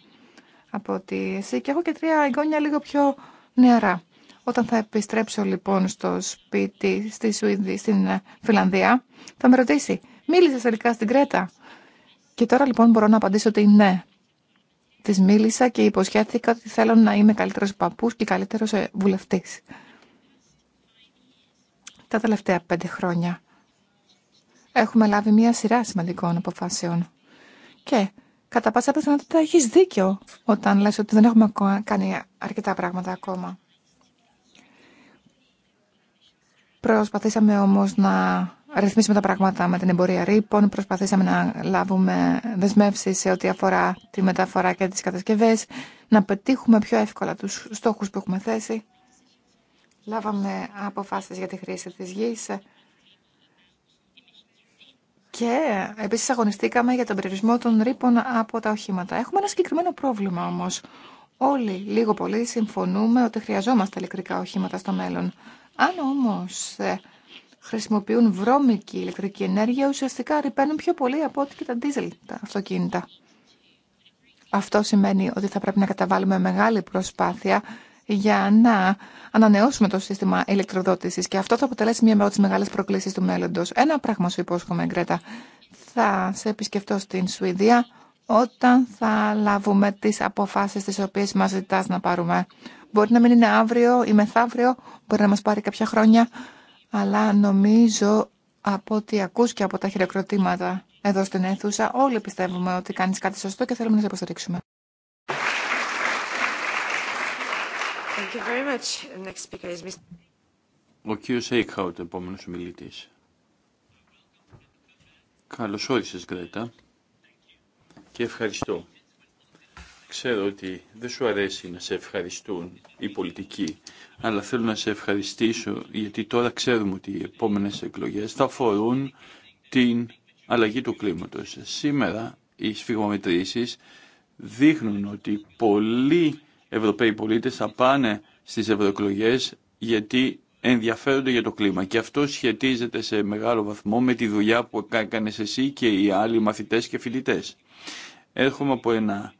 από ότι εσύ και έχω και τρία εγγόνια λίγο πιο νεαρά. Όταν θα επιστρέψω λοιπόν στο σπίτι στη Σουηδία, στην ε, Φιλανδία, θα με ρωτήσει, μίλησε τελικά στην Κρέτα. Και τώρα λοιπόν μπορώ να απαντήσω ότι ναι. Τη μίλησα και υποσχέθηκα ότι θέλω να είμαι καλύτερο παππού και καλύτερο ε, βουλευτή. Τα τελευταία πέντε χρόνια έχουμε λάβει μία σειρά σημαντικών αποφάσεων. Και κατά πάσα πιθανότητα έχει δίκιο όταν λες ότι δεν έχουμε κάνει αρκετά πράγματα ακόμα. Προσπαθήσαμε όμως να ρυθμίσουμε τα πράγματα με την εμπορία ρήπων, προσπαθήσαμε να λάβουμε δεσμεύσεις σε ό,τι αφορά τη μεταφορά και τις κατασκευές, να πετύχουμε πιο εύκολα τους στόχους που έχουμε θέσει. Λάβαμε αποφάσεις για τη χρήση της γης και επίσης αγωνιστήκαμε για τον περιορισμό των ρήπων από τα οχήματα. Έχουμε ένα συγκεκριμένο πρόβλημα όμως. Όλοι λίγο πολύ συμφωνούμε ότι χρειαζόμαστε ηλεκτρικά οχήματα στο μέλλον. Αν όμως ε, χρησιμοποιούν βρώμικη ηλεκτρική ενέργεια, ουσιαστικά ρηπαίνουν πιο πολύ από ό,τι και τα ντίζελ τα αυτοκίνητα. Αυτό σημαίνει ότι θα πρέπει να καταβάλουμε μεγάλη προσπάθεια για να ανανεώσουμε το σύστημα ηλεκτροδότησης και αυτό θα αποτελέσει μία από τι μεγάλε προκλήσει του μέλλοντος. Ένα πράγμα σου υπόσχομαι, Γκρέτα. Θα σε επισκεφτώ στην Σουηδία όταν θα λάβουμε τις αποφάσεις τις οποίες μας ζητάς να πάρουμε. Μπορεί να μην είναι αύριο ή μεθαύριο, μπορεί να μας πάρει κάποια χρόνια, αλλά νομίζω από ό,τι ακούς και από τα χειροκροτήματα εδώ στην αίθουσα, όλοι πιστεύουμε ότι κάνεις κάτι σωστό και θέλουμε να σε υποστηρίξουμε. Thank you very much. Ο κύριος Έικχαουτ, επόμενος Καλώς Γκρέτα. Και ευχαριστώ. Ξέρω ότι δεν σου αρέσει να σε ευχαριστούν οι πολιτικοί, αλλά θέλω να σε ευχαριστήσω γιατί τώρα ξέρουμε ότι οι επόμενες εκλογές θα αφορούν την αλλαγή του κλίματος. Σήμερα οι σφιγμομετρήσεις δείχνουν ότι πολλοί Ευρωπαίοι πολίτες θα πάνε στις ευρωεκλογέ γιατί ενδιαφέρονται για το κλίμα. Και αυτό σχετίζεται σε μεγάλο βαθμό με τη δουλειά που έκανε εσύ και οι άλλοι μαθητές και φοιτητές. Έρχομαι από ένα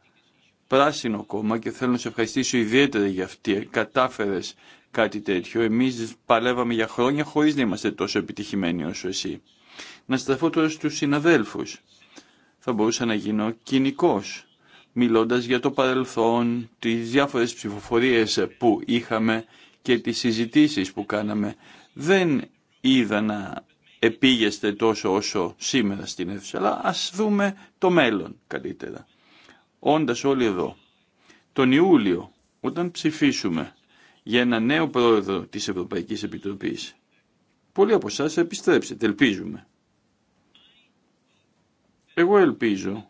πράσινο κόμμα και θέλω να σε ευχαριστήσω ιδιαίτερα για αυτή. Κατάφερες κάτι τέτοιο. Εμείς παλεύαμε για χρόνια χωρίς να είμαστε τόσο επιτυχημένοι όσο εσύ. Να στραφώ τώρα στους συναδέλφους. Θα μπορούσα να γίνω κοινικό, μιλώντας για το παρελθόν, τι διάφορες ψηφοφορίε που είχαμε και τις συζητήσει που κάναμε. Δεν είδα να επίγεστε τόσο όσο σήμερα στην αίθουσα, αλλά ας δούμε το μέλλον καλύτερα όντας όλοι εδώ. Τον Ιούλιο, όταν ψηφίσουμε για ένα νέο πρόεδρο της Ευρωπαϊκής Επιτροπής, πολλοί από εσά επιστρέψετε, ελπίζουμε. Εγώ ελπίζω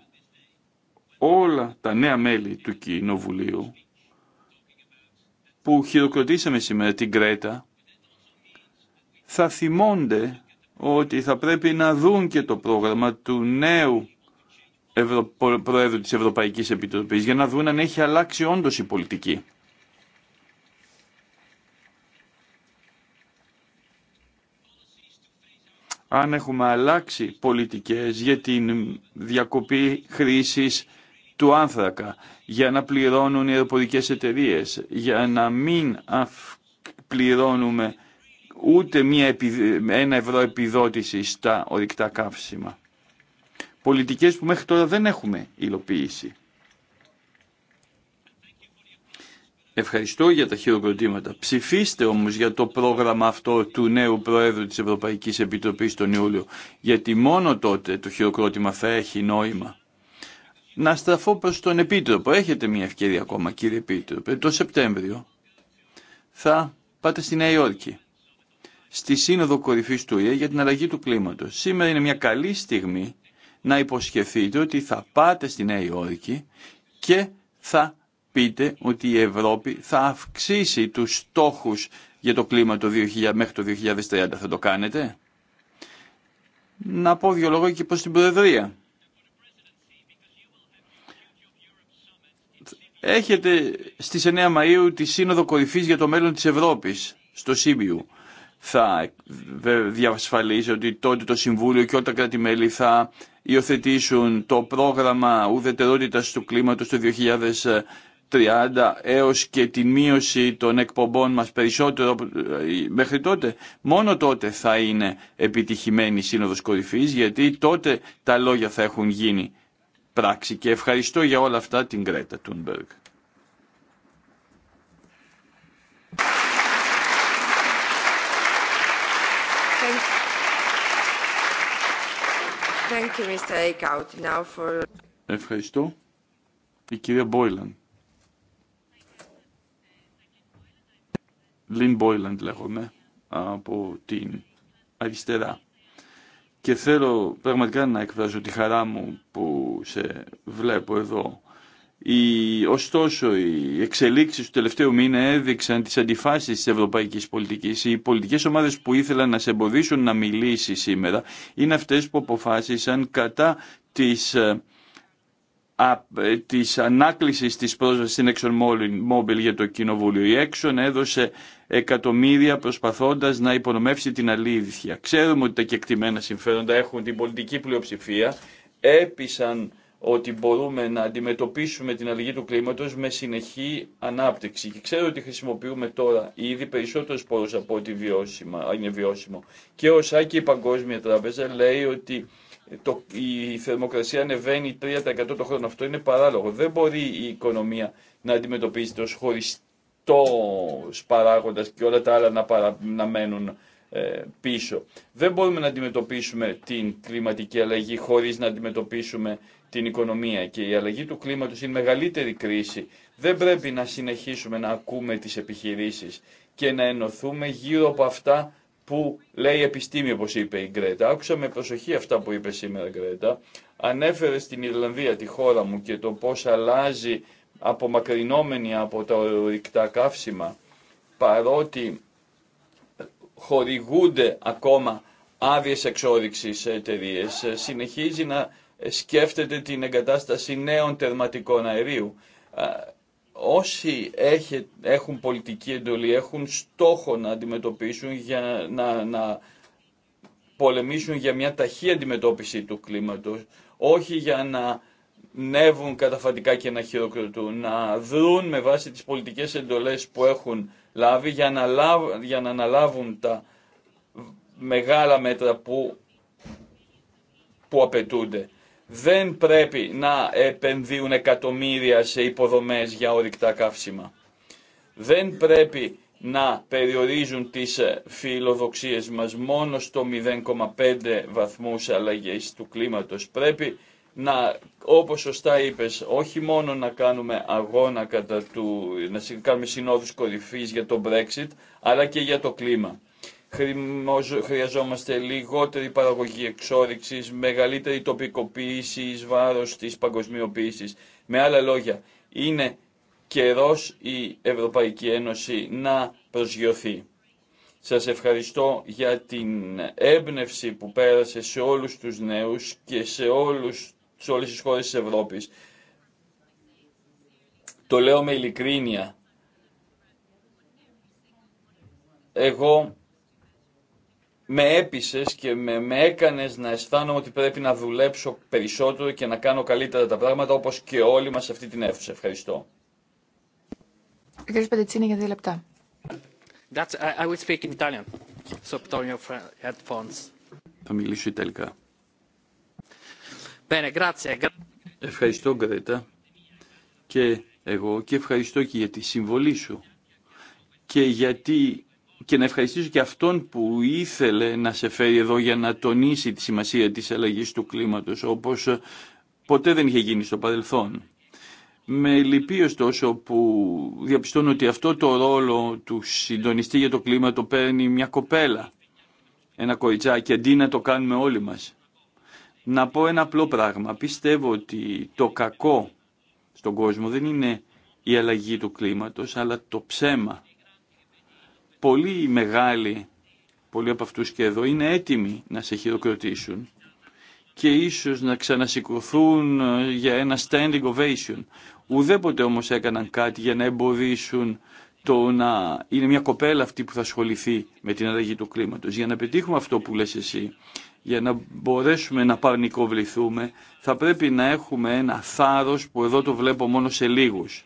όλα τα νέα μέλη του Κοινοβουλίου που χειροκροτήσαμε σήμερα την Κρέτα θα θυμώνται ότι θα πρέπει να δουν και το πρόγραμμα του νέου Ευρω... Προέδρου της Ευρωπαϊκής Επιτροπής για να δουν αν έχει αλλάξει όντως η πολιτική. Αν έχουμε αλλάξει πολιτικές για την διακοπή χρήσης του άνθρακα, για να πληρώνουν οι αεροπορικές εταιρείες, για να μην πληρώνουμε ούτε μία, ένα ευρώ επιδότηση στα ορυκτά καύσιμα πολιτικές που μέχρι τώρα δεν έχουμε υλοποιήσει. Ευχαριστώ για τα χειροκροτήματα. Ψηφίστε όμως για το πρόγραμμα αυτό του νέου Προέδρου της Ευρωπαϊκής Επιτροπής τον Ιούλιο, γιατί μόνο τότε το χειροκρότημα θα έχει νόημα. Να στραφώ προς τον Επίτροπο. Έχετε μια ευκαιρία ακόμα κύριε Επίτροπε. Το Σεπτέμβριο θα πάτε στη Νέα Υόρκη, στη Σύνοδο Κορυφής του ΙΕ για την αλλαγή του κλίματος. Σήμερα είναι μια καλή στιγμή να υποσχεθείτε ότι θα πάτε στη Νέα Υόρκη και θα πείτε ότι η Ευρώπη θα αυξήσει τους στόχους για το κλίμα το 2000, μέχρι το 2030. Θα το κάνετε. Να πω δυο λόγια και προς την Προεδρία. Έχετε στις 9 Μαΐου τη Σύνοδο Κορυφής για το μέλλον της Ευρώπης στο Σύμπιου. Θα ε, διασφαλίζει ότι τότε το Συμβούλιο και όλα τα κράτη-μέλη θα υιοθετήσουν το πρόγραμμα ουδετερότητας του κλίματος το 2030 έως και τη μείωση των εκπομπών μας περισσότερο ε, μέχρι τότε, μόνο τότε θα είναι επιτυχημένη η Σύνοδος Κορυφής, γιατί τότε τα λόγια θα έχουν γίνει πράξη. Και ευχαριστώ για όλα αυτά την Κρέτα Τούνμπεργκ. Thank you, Ευχαριστώ. Η κυρία Μπόιλαν. Λίν Μπόιλαν λέγομαι από την αριστερά. Και θέλω πραγματικά να εκφράσω τη χαρά μου που σε βλέπω εδώ η, ωστόσο, οι εξελίξεις του τελευταίου μήνα έδειξαν τις αντιφάσεις της ευρωπαϊκής πολιτικής. Οι πολιτικές ομάδες που ήθελαν να σε εμποδίσουν να μιλήσει σήμερα είναι αυτές που αποφάσισαν κατά της, ε, α, ε, της ανάκλησης της πρόσβασης στην ExxonMobil για το κοινοβούλιο. Η Exxon έδωσε εκατομμύρια προσπαθώντας να υπονομεύσει την αλήθεια. Ξέρουμε ότι τα κεκτημένα συμφέροντα έχουν την πολιτική πλειοψηφία, έπεισαν ότι μπορούμε να αντιμετωπίσουμε την αλλαγή του κλίματος με συνεχή ανάπτυξη. Και ξέρω ότι χρησιμοποιούμε τώρα ήδη περισσότερους πόρους από ό,τι είναι βιώσιμο. Και ο Σάκη η Παγκόσμια Τράπεζα λέει ότι το, η θερμοκρασία ανεβαίνει 3% το χρόνο. Αυτό είναι παράλογο. Δεν μπορεί η οικονομία να αντιμετωπίζεται ως χωριστό παράγοντα και όλα τα άλλα να, παρα, να μένουν ε, πίσω. Δεν μπορούμε να αντιμετωπίσουμε την κλιματική αλλαγή χωρίς να αντιμετωπίσουμε την οικονομία και η αλλαγή του κλίματος είναι μεγαλύτερη κρίση. Δεν πρέπει να συνεχίσουμε να ακούμε τις επιχειρήσεις και να ενωθούμε γύρω από αυτά που λέει η επιστήμη, όπως είπε η Γκρέτα. Άκουσα με προσοχή αυτά που είπε σήμερα η Γκρέτα. Ανέφερε στην Ιρλανδία, τη χώρα μου, και το πώς αλλάζει απομακρυνόμενη από τα ορυκτά καύσιμα, παρότι χορηγούνται ακόμα άδειε εξόριξη σε εταιρείε, ε, συνεχίζει να σκέφτεται την εγκατάσταση νέων τερματικών αερίου. Ε, όσοι έχουν πολιτική εντολή, έχουν στόχο να αντιμετωπίσουν για να, να πολεμήσουν για μια ταχύ αντιμετώπιση του κλίματος, όχι για να νεύουν καταφατικά και να χειροκροτούν, να δρουν με βάση τις πολιτικές εντολές που έχουν λάβει για να, λάβ, αναλάβουν τα μεγάλα μέτρα που, που απαιτούνται. Δεν πρέπει να επενδύουν εκατομμύρια σε υποδομές για ορυκτά καύσιμα. Δεν πρέπει να περιορίζουν τις ε, φιλοδοξίες μας μόνο στο 0,5 βαθμούς αλλαγής του κλίματος. Πρέπει να, όπως σωστά είπες, όχι μόνο να κάνουμε αγώνα κατά του, να κάνουμε συνόδους κορυφής για το Brexit, αλλά και για το κλίμα. Χρειαζόμαστε λιγότερη παραγωγή εξόριξης, μεγαλύτερη τοπικοποίηση εις βάρος της παγκοσμιοποίησης. Με άλλα λόγια, είναι καιρός η Ευρωπαϊκή Ένωση να προσγειωθεί. Σας ευχαριστώ για την έμπνευση που πέρασε σε όλους τους νέους και σε όλους σε όλες τις χώρες της Ευρώπης. Το λέω με ειλικρίνεια. Εγώ με έπεισες και με, με έκανες να αισθάνομαι ότι πρέπει να δουλέψω περισσότερο και να κάνω καλύτερα τα πράγματα όπως και όλοι μας σε αυτή την αίθουσα. Ευχαριστώ. Ο κ. για δύο λεπτά. I, I speak in Italian. So headphones. Θα μιλήσω Ιταλικά. Ευχαριστώ Γκρέτα και εγώ και ευχαριστώ και για τη συμβολή σου και γιατί και να ευχαριστήσω και αυτόν που ήθελε να σε φέρει εδώ για να τονίσει τη σημασία της αλλαγής του κλίματος όπως ποτέ δεν είχε γίνει στο παρελθόν. Με λυπεί ωστόσο που διαπιστώνω ότι αυτό το ρόλο του συντονιστή για το κλίμα το παίρνει μια κοπέλα, ένα κοριτσάκι, αντί να το κάνουμε όλοι μας να πω ένα απλό πράγμα. Πιστεύω ότι το κακό στον κόσμο δεν είναι η αλλαγή του κλίματος, αλλά το ψέμα. Πολλοί μεγάλοι, πολλοί από αυτούς και εδώ, είναι έτοιμοι να σε χειροκροτήσουν και ίσως να ξανασηκωθούν ε, για ένα standing ovation. Ουδέποτε όμως έκαναν κάτι για να εμποδίσουν το να είναι μια κοπέλα αυτή που θα ασχοληθεί με την αλλαγή του κλίματος. Για να πετύχουμε αυτό που λες εσύ, για να μπορέσουμε να παρνικοβληθούμε θα πρέπει να έχουμε ένα θάρρος που εδώ το βλέπω μόνο σε λίγους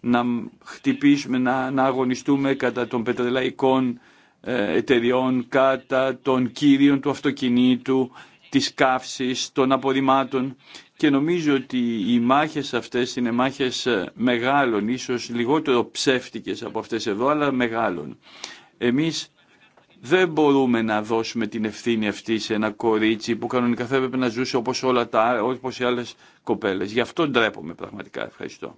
να χτυπήσουμε, να, να αγωνιστούμε κατά των πετρελαϊκών ε, εταιριών, κατά των κύριων του αυτοκινήτου, της καύσης, των απορριμμάτων και νομίζω ότι οι μάχες αυτές είναι μάχες ε, μεγάλων, ίσως λιγότερο ψεύτικες από αυτές εδώ, αλλά μεγάλων. Εμείς δεν μπορούμε να δώσουμε την ευθύνη αυτή σε ένα κορίτσι που κανονικά θα έπρεπε να ζούσε όπως, όλα τα, όπως οι άλλες κοπέλες. Γι' αυτό ντρέπομαι πραγματικά. Ευχαριστώ.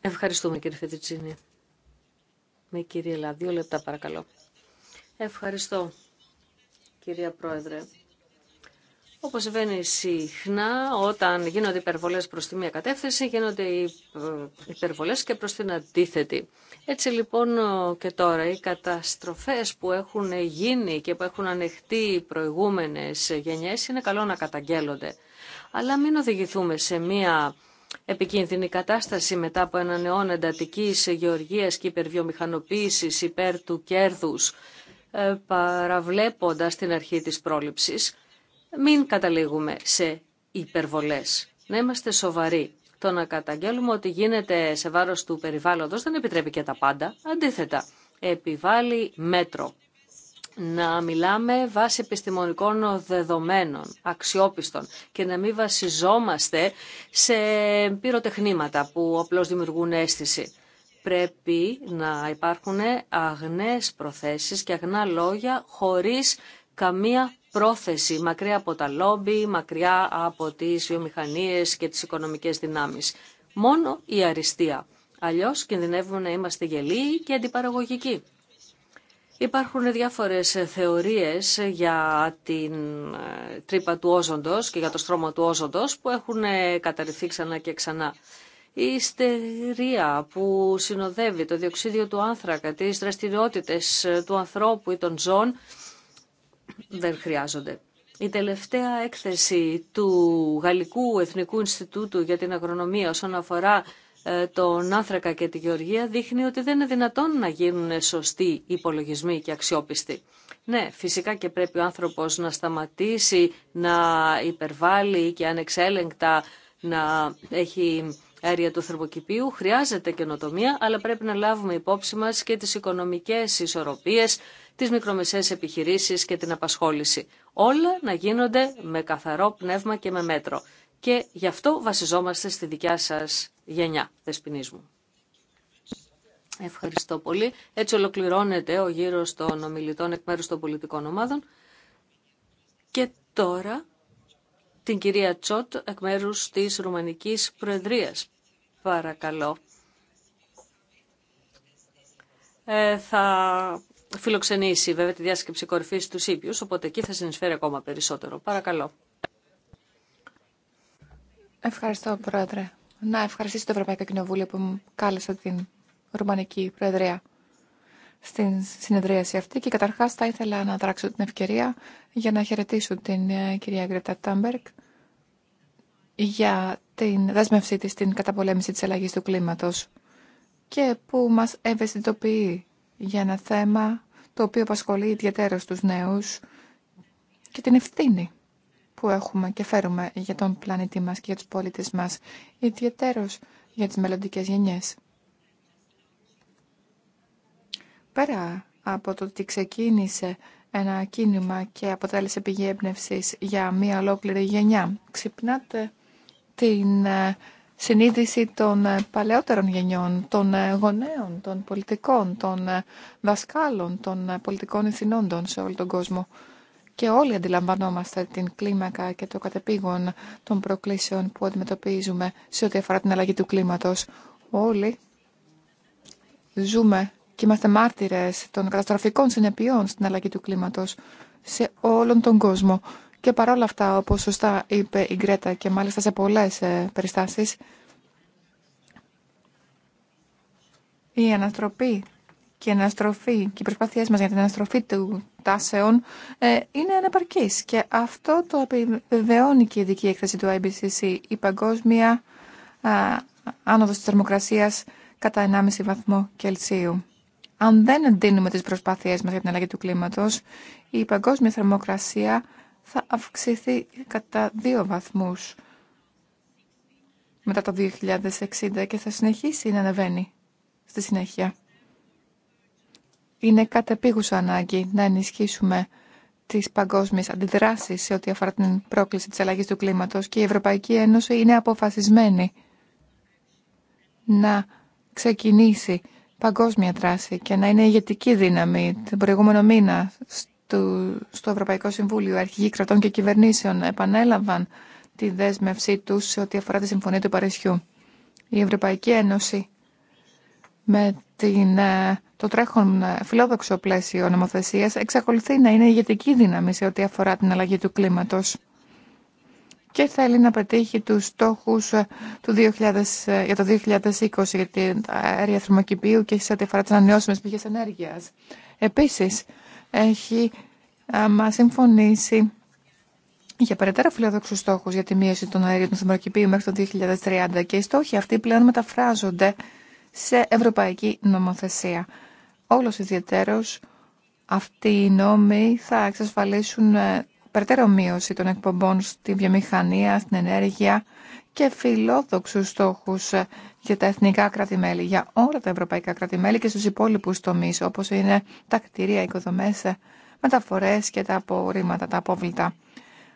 Ευχαριστούμε κύριε Φετιτσίνη. Με κυρία Λα, δύο λεπτά παρακαλώ. Ευχαριστώ κυρία Πρόεδρε. Όπως συμβαίνει συχνά, όταν γίνονται υπερβολές προς τη μία κατεύθυνση, γίνονται ε, υπερβολές και προς την αντίθετη. Έτσι λοιπόν και τώρα οι καταστροφές που έχουν γίνει και που έχουν ανεχτεί οι προηγούμενες γενιές είναι καλό να καταγγέλλονται. Αλλά μην οδηγηθούμε σε μία επικίνδυνη κατάσταση μετά από έναν αιώνα εντατική γεωργίας και υπερβιομηχανοποίησης υπέρ του κέρδους, ε, παραβλέποντας την αρχή της πρόληψης μην καταλήγουμε σε υπερβολές. Να είμαστε σοβαροί. Το να καταγγέλουμε ότι γίνεται σε βάρος του περιβάλλοντος δεν επιτρέπει και τα πάντα. Αντίθετα, επιβάλλει μέτρο. Να μιλάμε βάσει επιστημονικών δεδομένων, αξιόπιστων και να μην βασιζόμαστε σε πυροτεχνήματα που απλώς δημιουργούν αίσθηση. Πρέπει να υπάρχουν αγνές προθέσεις και αγνά λόγια χωρίς καμία πρόθεση μακριά από τα λόμπι, μακριά από τις βιομηχανίες και τις οικονομικές δυνάμεις. Μόνο η αριστεία. Αλλιώς κινδυνεύουμε να είμαστε γελοί και αντιπαραγωγικοί. Υπάρχουν διάφορες θεωρίες για την ε, τρύπα του όζοντος και για το στρώμα του όζοντος που έχουν ε, καταρριφθεί ξανά και ξανά. Η στερία που συνοδεύει το διοξίδιο του άνθρακα, τις δραστηριότητες ε, του ανθρώπου ή των ζώων δεν χρειάζονται. Η τελευταία έκθεση του Γαλλικού Εθνικού Ινστιτούτου για την Αγρονομία όσον αφορά ε, τον άνθρακα και τη γεωργία δείχνει ότι δεν είναι δυνατόν να γίνουν σωστοί υπολογισμοί και αξιόπιστοι. Ναι, φυσικά και πρέπει ο άνθρωπος να σταματήσει να υπερβάλλει και ανεξέλεγκτα να έχει αέρια του θερμοκηπίου. Χρειάζεται καινοτομία, αλλά πρέπει να λάβουμε υπόψη μας και τις οικονομικές ισορροπίες, τις μικρομεσαίες επιχειρήσεις και την απασχόληση. Όλα να γίνονται με καθαρό πνεύμα και με μέτρο. Και γι' αυτό βασιζόμαστε στη δικιά σας γενιά, δεσποινής μου. Ευχαριστώ πολύ. Έτσι ολοκληρώνεται ο γύρος των ομιλητών εκ μέρους των πολιτικών ομάδων. Και τώρα την κυρία Τσότ εκ μέρους της Ρουμανικής Προεδρίας. Παρακαλώ. Ε, θα φιλοξενήσει βέβαια τη διάσκεψη κορυφής του Σύπιους, οπότε εκεί θα συνεισφέρει ακόμα περισσότερο. Παρακαλώ. Ευχαριστώ, Πρόεδρε. Να ευχαριστήσω το Ευρωπαϊκό Κοινοβούλιο που μου κάλεσε την Ρουμανική Προεδρία στην συνεδρίαση αυτή και καταρχάς θα ήθελα να δράξω την ευκαιρία για να χαιρετήσω την ε, κυρία Γκρέτα Τάμπερκ για την δέσμευσή της στην καταπολέμηση της αλλαγής του κλίματος και που μας ευαισθητοποιεί για ένα θέμα το οποίο απασχολεί ιδιαίτερα τους νέους και την ευθύνη που έχουμε και φέρουμε για τον πλανήτη μας και για τους πολίτες μας, ιδιαίτερα για τις μελλοντικέ γενιές. πέρα από το ότι ξεκίνησε ένα κίνημα και αποτέλεσε πηγή έμπνευση για μία ολόκληρη γενιά. Ξυπνάτε την ε, συνείδηση των ε, παλαιότερων γενιών, των ε, γονέων, των πολιτικών, των δασκάλων, των πολιτικών ηθινόντων σε όλο τον κόσμο. Και όλοι αντιλαμβανόμαστε την κλίμακα και το κατεπήγον των προκλήσεων που αντιμετωπίζουμε σε ό,τι αφορά την αλλαγή του κλίματος. Όλοι ζούμε και είμαστε μάρτυρες των καταστροφικών συνεπειών στην αλλαγή του κλίματος σε όλον τον κόσμο. Και παρόλα αυτά, όπως σωστά είπε η Γκρέτα και μάλιστα σε πολλές ε, περιστάσεις, η αναστροπή και η αναστροφή και οι προσπάθειε μας για την αναστροφή του τάσεων ε, είναι ανεπαρκή. Και αυτό το επιβεβαιώνει και η ειδική έκθεση του IBCC, η παγκόσμια άνοδος της θερμοκρασίας κατά 1,5 βαθμό Κελσίου αν δεν εντείνουμε τις προσπάθειές μας για την αλλαγή του κλίματος, η παγκόσμια θερμοκρασία θα αυξηθεί κατά δύο βαθμούς μετά το 2060 και θα συνεχίσει να ανεβαίνει στη συνέχεια. Είναι κατεπίγουσα ανάγκη να ενισχύσουμε τις παγκόσμιες αντιδράσεις σε ό,τι αφορά την πρόκληση της αλλαγής του κλίματος και η Ευρωπαϊκή Ένωση είναι αποφασισμένη να ξεκινήσει παγκόσμια δράση και να είναι ηγετική δύναμη. Τον προηγούμενο μήνα στο Ευρωπαϊκό Συμβούλιο αρχηγοί κρατών και κυβερνήσεων επανέλαβαν τη δέσμευσή τους σε ό,τι αφορά τη Συμφωνία του Παρισιού. Η Ευρωπαϊκή Ένωση με την, ε, το τρέχον ε, φιλόδοξο πλαίσιο νομοθεσίας εξακολουθεί να είναι ηγετική δύναμη σε ό,τι αφορά την αλλαγή του κλίματος και θέλει να πετύχει τους στόχους ε, του 2000, ε, για το 2020 για την ε, αέρια θερμοκηπίου και σε ό,τι αφορά τις ανανεώσιμες πηγές ενέργειας. Επίσης, έχει α, συμφωνήσει για περαιτέρω φιλοδόξου στόχου για τη μείωση των αερίων του θερμοκηπίου μέχρι το 2030 και οι στόχοι αυτοί πλέον μεταφράζονται σε ευρωπαϊκή νομοθεσία. Όλος ιδιαίτερος αυτοί οι νόμοι θα εξασφαλίσουν περαιτέρω μείωση των εκπομπών στη βιομηχανία, στην ενέργεια και φιλόδοξου στόχου για τα εθνικά κράτη-μέλη, για όλα τα ευρωπαϊκά κράτη-μέλη και στου υπόλοιπου τομεί, όπω είναι τα κτίρια, οικοδομέ, μεταφορέ και τα απορρίμματα, τα απόβλητα.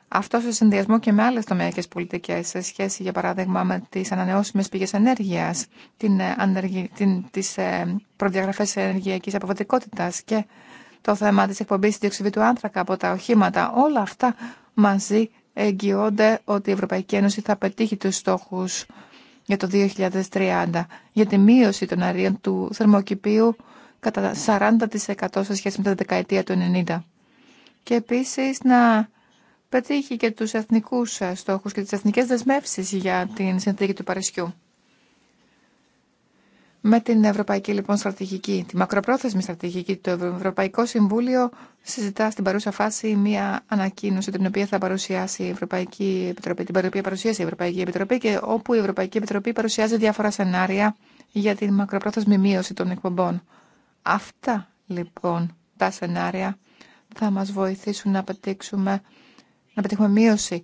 Αυτό σε συνδυασμό και με άλλε τομεακέ πολιτικέ, σε σχέση για παράδειγμα με τι ανανεώσιμε πηγέ ενέργεια, τι προδιαγραφέ ενεργειακή προδιαγραφές και το θέμα της εκπομπής της του άνθρακα από τα οχήματα. Όλα αυτά μαζί εγγυώνται ότι η Ευρωπαϊκή Ένωση θα πετύχει τους στόχους για το 2030 για τη μείωση των αρίων του θερμοκηπίου κατά 40% σε σχέση με τα δεκαετία του 90. Και επίσης να πετύχει και τους εθνικούς στόχους και τις εθνικές δεσμεύσεις για την συνθήκη του Παρισιού. Με την ευρωπαϊκή λοιπόν στρατηγική, τη μακροπρόθεσμη στρατηγική, το Ευρωπαϊκό Συμβούλιο συζητά στην παρούσα φάση μία ανακοίνωση την οποία θα παρουσιάσει η Ευρωπαϊκή Επιτροπή, την οποία παρουσίασε η Ευρωπαϊκή Επιτροπή και όπου η Ευρωπαϊκή Επιτροπή παρουσιάζει διάφορα σενάρια για την μακροπρόθεσμη μείωση των εκπομπών. Αυτά λοιπόν τα σενάρια θα μα βοηθήσουν να πετύχουμε μείωση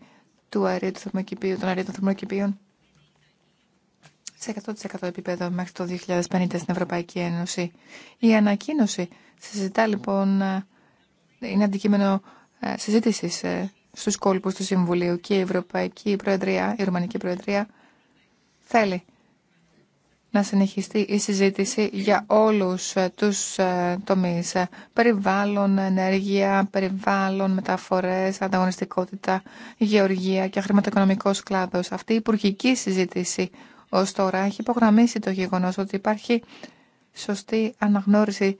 του αερίου του των αερίων των θερμοκηπίων σε 100% επίπεδο μέχρι το 2050 στην Ευρωπαϊκή Ένωση. Η ανακοίνωση συζητά λοιπόν, ε, είναι αντικείμενο ε, συζήτηση ε, στου κόλπου του Συμβουλίου και η Ευρωπαϊκή Προεδρία, η Ρουμανική Προεδρία, θέλει να συνεχιστεί η συζήτηση για όλους τους τομείς. Περιβάλλον, ενέργεια, περιβάλλον, μεταφορές, ανταγωνιστικότητα, γεωργία και χρηματοοικονομικός κλάδος. Αυτή η υπουργική συζήτηση ω τώρα έχει υπογραμμίσει το γεγονό ότι υπάρχει σωστή αναγνώριση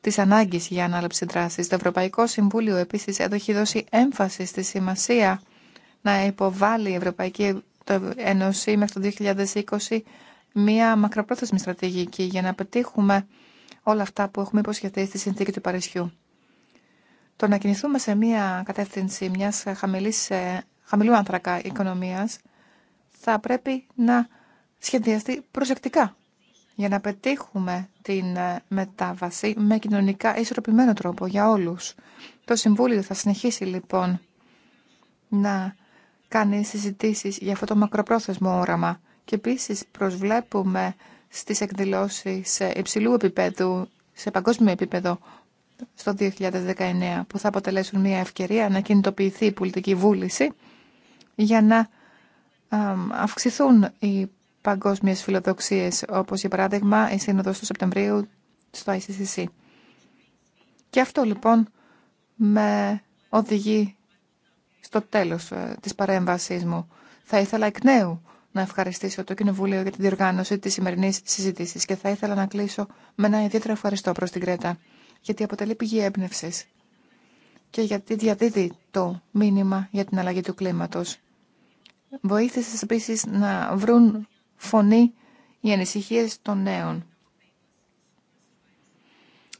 τη ανάγκης για ανάληψη δράση. Το Ευρωπαϊκό Συμβούλιο επίση έχει δώσει έμφαση στη σημασία να υποβάλει η Ευρωπαϊκή Ένωση μέχρι το 2020 μία μακροπρόθεσμη στρατηγική για να πετύχουμε όλα αυτά που έχουμε υποσχεθεί στη συνθήκη του Παρισιού. Το να κινηθούμε σε μία κατεύθυνση μιας χαμηλής, ε, χαμηλού άνθρακα οικονομίας θα πρέπει να σχεδιαστεί προσεκτικά για να πετύχουμε την ε, μετάβαση με κοινωνικά ισορροπημένο τρόπο για όλους. Το Συμβούλιο θα συνεχίσει λοιπόν να κάνει συζητήσεις για αυτό το μακροπρόθεσμο όραμα και επίσης προσβλέπουμε στις εκδηλώσεις υψηλού επίπεδου, σε παγκόσμιο επίπεδο στο 2019 που θα αποτελέσουν μια ευκαιρία να κινητοποιηθεί η πολιτική βούληση για να αυξηθούν οι παγκόσμιες φιλοδοξίες, όπως για παράδειγμα η Σύνοδος του Σεπτεμβρίου στο ICCC. Και αυτό λοιπόν με οδηγεί στο τέλος ε, της παρέμβασής μου. Θα ήθελα εκ νέου να ευχαριστήσω το Κοινοβούλιο για την διοργάνωση της σημερινής συζήτησης και θα ήθελα να κλείσω με ένα ιδιαίτερο ευχαριστώ προς την Κρέτα, γιατί αποτελεί πηγή έμπνευση και γιατί διαδίδει το μήνυμα για την αλλαγή του κλίματος. Βοήθησε επίσης να βρουν φωνή οι ανησυχίε των νέων.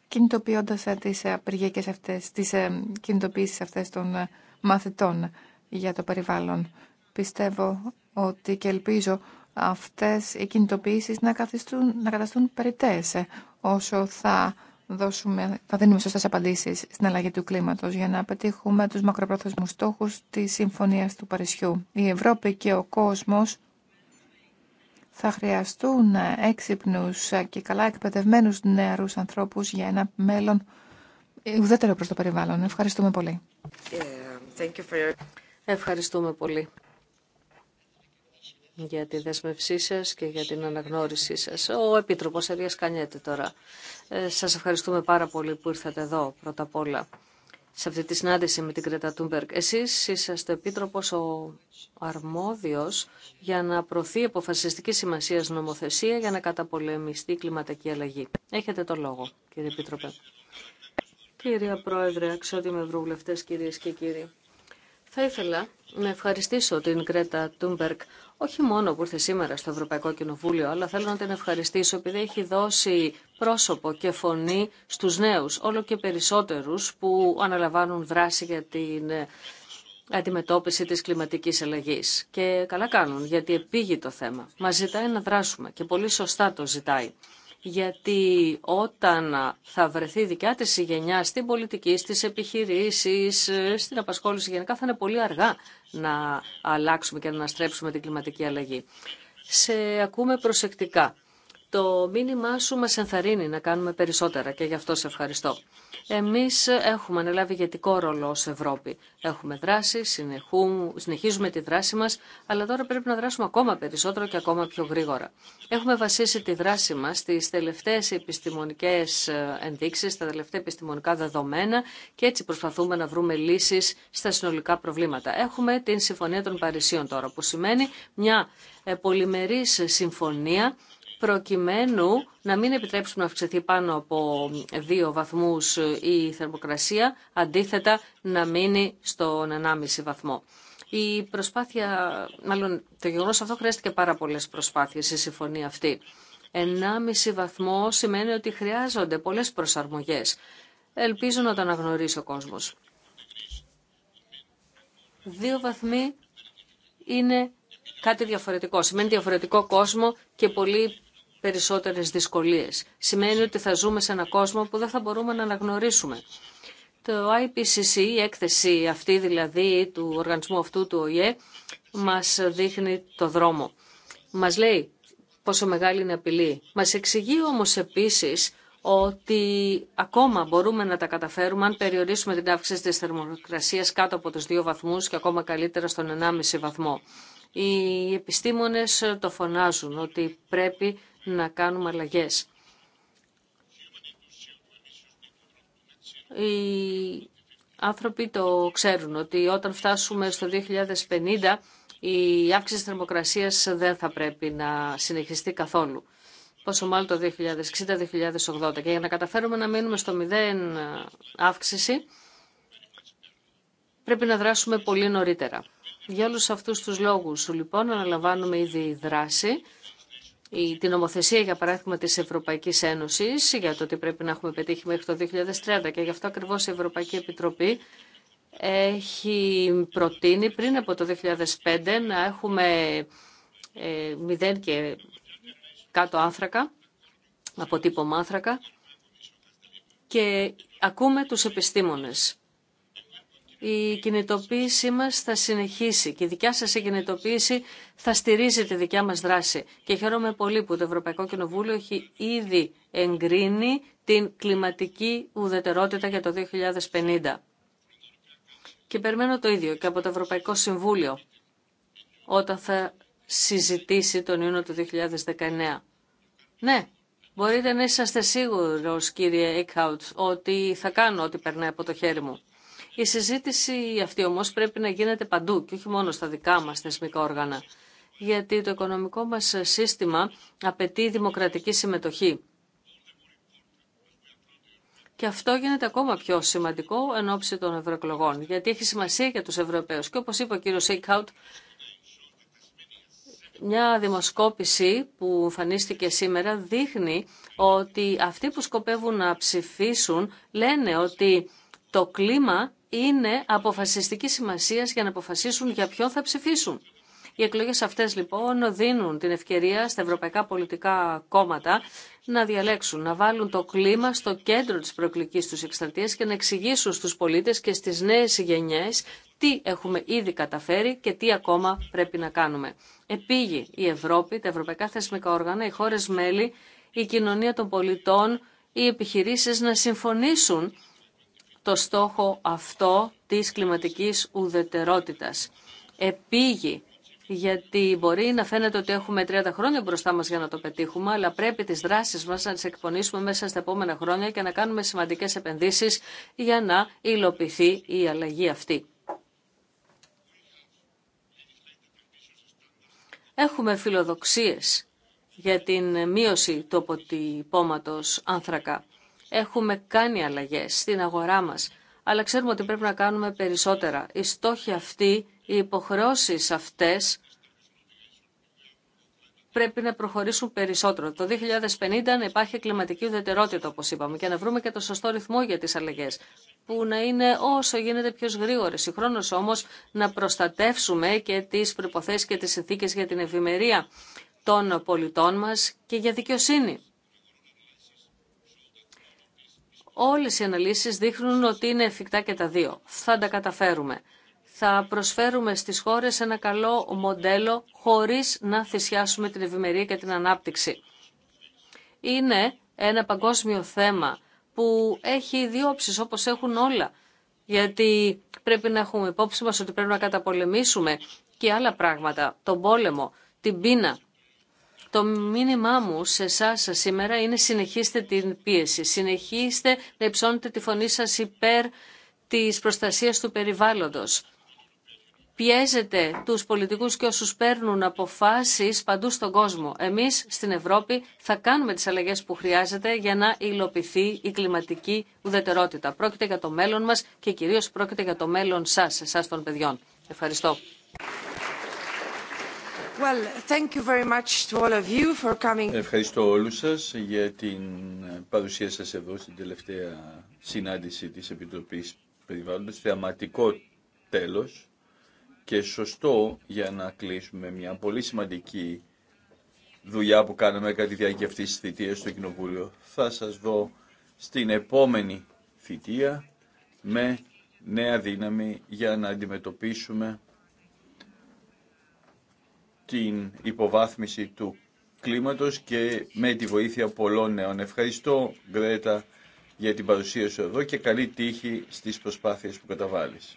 Κινητοποιώντας ε, τις απεργιακές αυτές, τις ε, κινητοποιήσεις αυτές των ε, μαθητών για το περιβάλλον. Πιστεύω ότι και ελπίζω αυτές οι κινητοποιήσεις να, καθιστούν, να καταστούν περιττές όσο θα δώσουμε, θα δίνουμε σωστέ απαντήσεις στην αλλαγή του κλίματος για να πετύχουμε τους μακροπρόθεσμού στόχου τη συμφωνία του Παρισιού. Η Ευρώπη και ο κόσμος θα χρειαστούν έξυπνους και καλά εκπαιδευμένους νεαρούς ανθρώπους για ένα μέλλον ουδέτερο προς το περιβάλλον. Ευχαριστούμε πολύ. thank you for your... Ευχαριστούμε πολύ για τη δέσμευσή σας και για την αναγνώρισή σας. Ο Επίτροπος Αρίας Κανιέτη τώρα. Ε, σας ευχαριστούμε πάρα πολύ που ήρθατε εδώ πρώτα απ' όλα σε αυτή τη συνάντηση με την Κρέτα Τούμπερκ. Εσείς είσαστε επίτροπος ο αρμόδιος για να προωθεί αποφασιστική σημασία νομοθεσία για να καταπολεμιστεί η κλιματική αλλαγή. Έχετε το λόγο, κύριε Επίτροπε. Κυρία Πρόεδρε, αξιότιμοι ευρωβουλευτές, κυρίες και κύριοι. Θα ήθελα να ευχαριστήσω την Κρέτα Τούμπερκ όχι μόνο που ήρθε σήμερα στο Ευρωπαϊκό Κοινοβούλιο, αλλά θέλω να την ευχαριστήσω επειδή έχει δώσει πρόσωπο και φωνή στους νέους, όλο και περισσότερους που αναλαμβάνουν δράση για την ε, αντιμετώπιση της κλιματικής αλλαγής. Και καλά κάνουν, γιατί επίγει το θέμα. Μας ζητάει να δράσουμε και πολύ σωστά το ζητάει γιατί όταν θα βρεθεί δικιά της η γενιά στην πολιτική, στις επιχειρήσεις, στην απασχόληση γενικά, θα είναι πολύ αργά να αλλάξουμε και να αναστρέψουμε την κλιματική αλλαγή. Σε ακούμε προσεκτικά. Το μήνυμά σου μας ενθαρρύνει να κάνουμε περισσότερα και γι' αυτό σε ευχαριστώ. Εμείς έχουμε ανελάβει γετικό ρόλο ως Ευρώπη. Έχουμε δράσει, συνεχίζουμε τη δράση μας, αλλά τώρα πρέπει να δράσουμε ακόμα περισσότερο και ακόμα πιο γρήγορα. Έχουμε βασίσει τη δράση μας στις τελευταίες επιστημονικές ε, ενδείξεις, στα τελευταία επιστημονικά δεδομένα και έτσι προσπαθούμε να βρούμε λύσεις στα συνολικά προβλήματα. Έχουμε την Συμφωνία των Παρισίων τώρα, που σημαίνει μια ε, πολυμερής συμφωνία προκειμένου να μην επιτρέψουμε να αυξηθεί πάνω από δύο βαθμούς η θερμοκρασία, αντίθετα να μείνει στον 1,5 βαθμό. Η προσπάθεια, μάλλον το γεγονός αυτό χρειάστηκε πάρα πολλές προσπάθειες η συμφωνία αυτή. 1,5 βαθμό σημαίνει ότι χρειάζονται πολλές προσαρμογές. Ελπίζω να το αναγνωρίσει ο κόσμος. Δύο βαθμοί είναι κάτι διαφορετικό. Σημαίνει διαφορετικό κόσμο και πολύ περισσότερες δυσκολίες. Σημαίνει ότι θα ζούμε σε έναν κόσμο που δεν θα μπορούμε να αναγνωρίσουμε. Το IPCC, η έκθεση αυτή δηλαδή του οργανισμού αυτού του ΟΗΕ, μας δείχνει το δρόμο. Μας λέει πόσο μεγάλη είναι η απειλή. Μας εξηγεί όμως επίσης ότι ακόμα μπορούμε να τα καταφέρουμε αν περιορίσουμε την αύξηση της θερμοκρασίας κάτω από τους δύο βαθμούς και ακόμα καλύτερα στον 1,5 βαθμό. Οι επιστήμονες το φωνάζουν ότι πρέπει να κάνουμε αλλαγές. Οι άνθρωποι το ξέρουν ότι όταν φτάσουμε στο 2050 η αύξηση της θερμοκρασίας δεν θα πρέπει να συνεχιστεί καθόλου. Πόσο μάλλον το 2060-2080. Και για να καταφέρουμε να μείνουμε στο μηδέν αύξηση, πρέπει να δράσουμε πολύ νωρίτερα. Για όλους αυτούς τους λόγους, λοιπόν, αναλαμβάνουμε ήδη δράση η, την νομοθεσία, για παράδειγμα, της Ευρωπαϊκής Ένωσης για το ότι πρέπει να έχουμε πετύχει μέχρι το 2030 και γι' αυτό ακριβώς η Ευρωπαϊκή Επιτροπή έχει προτείνει πριν από το 2005 να έχουμε ε, μηδέν και κάτω άνθρακα, αποτύπωμα άνθρακα και ακούμε τους επιστήμονες η κινητοποίησή μας θα συνεχίσει και η δικιά σας η κινητοποίηση θα στηρίζει τη δικιά μας δράση. Και χαίρομαι πολύ που το Ευρωπαϊκό Κοινοβούλιο έχει ήδη εγκρίνει την κλιματική ουδετερότητα για το 2050. Και περιμένω το ίδιο και από το Ευρωπαϊκό Συμβούλιο όταν θα συζητήσει τον Ιούνιο του 2019. Ναι, μπορείτε να είσαστε σίγουρος κύριε Eckhout ότι θα κάνω ό,τι περνάει από το χέρι μου. Η συζήτηση αυτή όμως πρέπει να γίνεται παντού και όχι μόνο στα δικά μας θεσμικά όργανα. Γιατί το οικονομικό μας σύστημα απαιτεί δημοκρατική συμμετοχή. Και αυτό γίνεται ακόμα πιο σημαντικό εν ώψη των ευρωεκλογών, γιατί έχει σημασία για τους Ευρωπαίους. Και όπως είπε ο κύριος Σέικχαουτ, μια δημοσκόπηση που εμφανίστηκε σήμερα δείχνει ότι αυτοί που σκοπεύουν να ψηφίσουν λένε ότι το κλίμα είναι αποφασιστική σημασία για να αποφασίσουν για ποιον θα ψηφίσουν. Οι εκλογές αυτές λοιπόν δίνουν την ευκαιρία στα ευρωπαϊκά πολιτικά κόμματα να διαλέξουν, να βάλουν το κλίμα στο κέντρο της προεκλογικής τους εκστρατείας και να εξηγήσουν στους πολίτες και στις νέες γενιές τι έχουμε ήδη καταφέρει και τι ακόμα πρέπει να κάνουμε. Επίγει η Ευρώπη, τα ευρωπαϊκά θεσμικά όργανα, οι χώρες μέλη, η κοινωνία των πολιτών, οι επιχειρήσεις να συμφωνήσουν το στόχο αυτό της κλιματικής ουδετερότητας. Επίγει, γιατί μπορεί να φαίνεται ότι έχουμε 30 χρόνια μπροστά μας για να το πετύχουμε, αλλά πρέπει τις δράσεις μας να τις εκπονήσουμε μέσα στα επόμενα χρόνια και να κάνουμε σημαντικές επενδύσεις για να υλοποιηθεί η αλλαγή αυτή. Έχουμε φιλοδοξίες για την μείωση του αποτυπώματος άνθρακα. Έχουμε κάνει αλλαγέ στην αγορά μας, αλλά ξέρουμε ότι πρέπει να κάνουμε περισσότερα. Οι στόχοι αυτοί, οι υποχρεώσει αυτές πρέπει να προχωρήσουν περισσότερο. Το 2050 να υπάρχει κλιματική ουδετερότητα, όπω είπαμε, και να βρούμε και το σωστό ρυθμό για τις αλλαγέ, που να είναι όσο γίνεται πιο γρήγορε. Συγχρόνω όμω, να προστατεύσουμε και τι προποθέσει και τι συνθήκε για την ευημερία των πολιτών μας και για δικαιοσύνη. Όλες οι αναλύσεις δείχνουν ότι είναι εφικτά και τα δύο. Θα τα καταφέρουμε. Θα προσφέρουμε στις χώρες ένα καλό μοντέλο χωρίς να θυσιάσουμε την ευημερία και την ανάπτυξη. Είναι ένα παγκόσμιο θέμα που έχει δύο όψεις όπως έχουν όλα. Γιατί πρέπει να έχουμε υπόψη μας ότι πρέπει να καταπολεμήσουμε και άλλα πράγματα. Τον πόλεμο, την πείνα, το μήνυμά μου σε εσά σήμερα είναι συνεχίστε την πίεση, συνεχίστε να υψώνετε τη φωνή σας υπέρ της προστασίας του περιβάλλοντος. Πιέζετε τους πολιτικούς και όσου παίρνουν αποφάσει παντού στον κόσμο. Εμείς στην Ευρώπη θα κάνουμε τις αλλαγές που χρειάζεται για να υλοποιηθεί η κλιματική ουδετερότητα. Πρόκειται για το μέλλον μα και κυρίω πρόκειται για το μέλλον σα, εσά των παιδιών. Ευχαριστώ. Ευχαριστώ όλους σας για την παρουσία σας εδώ στην τελευταία συνάντηση της Επιτροπής Περιβάλλοντος. Θεαματικό τέλος και σωστό για να κλείσουμε μια πολύ σημαντική δουλειά που κάναμε κατά τη διάρκεια αυτής της θητείας στο Κοινοβούλιο. Θα σας δω στην επόμενη θητεία με νέα δύναμη για να αντιμετωπίσουμε την υποβάθμιση του κλίματος και με τη βοήθεια πολλών νέων. Ευχαριστώ Γκρέτα για την παρουσία σου εδώ και καλή τύχη στις προσπάθειες που καταβάλεις.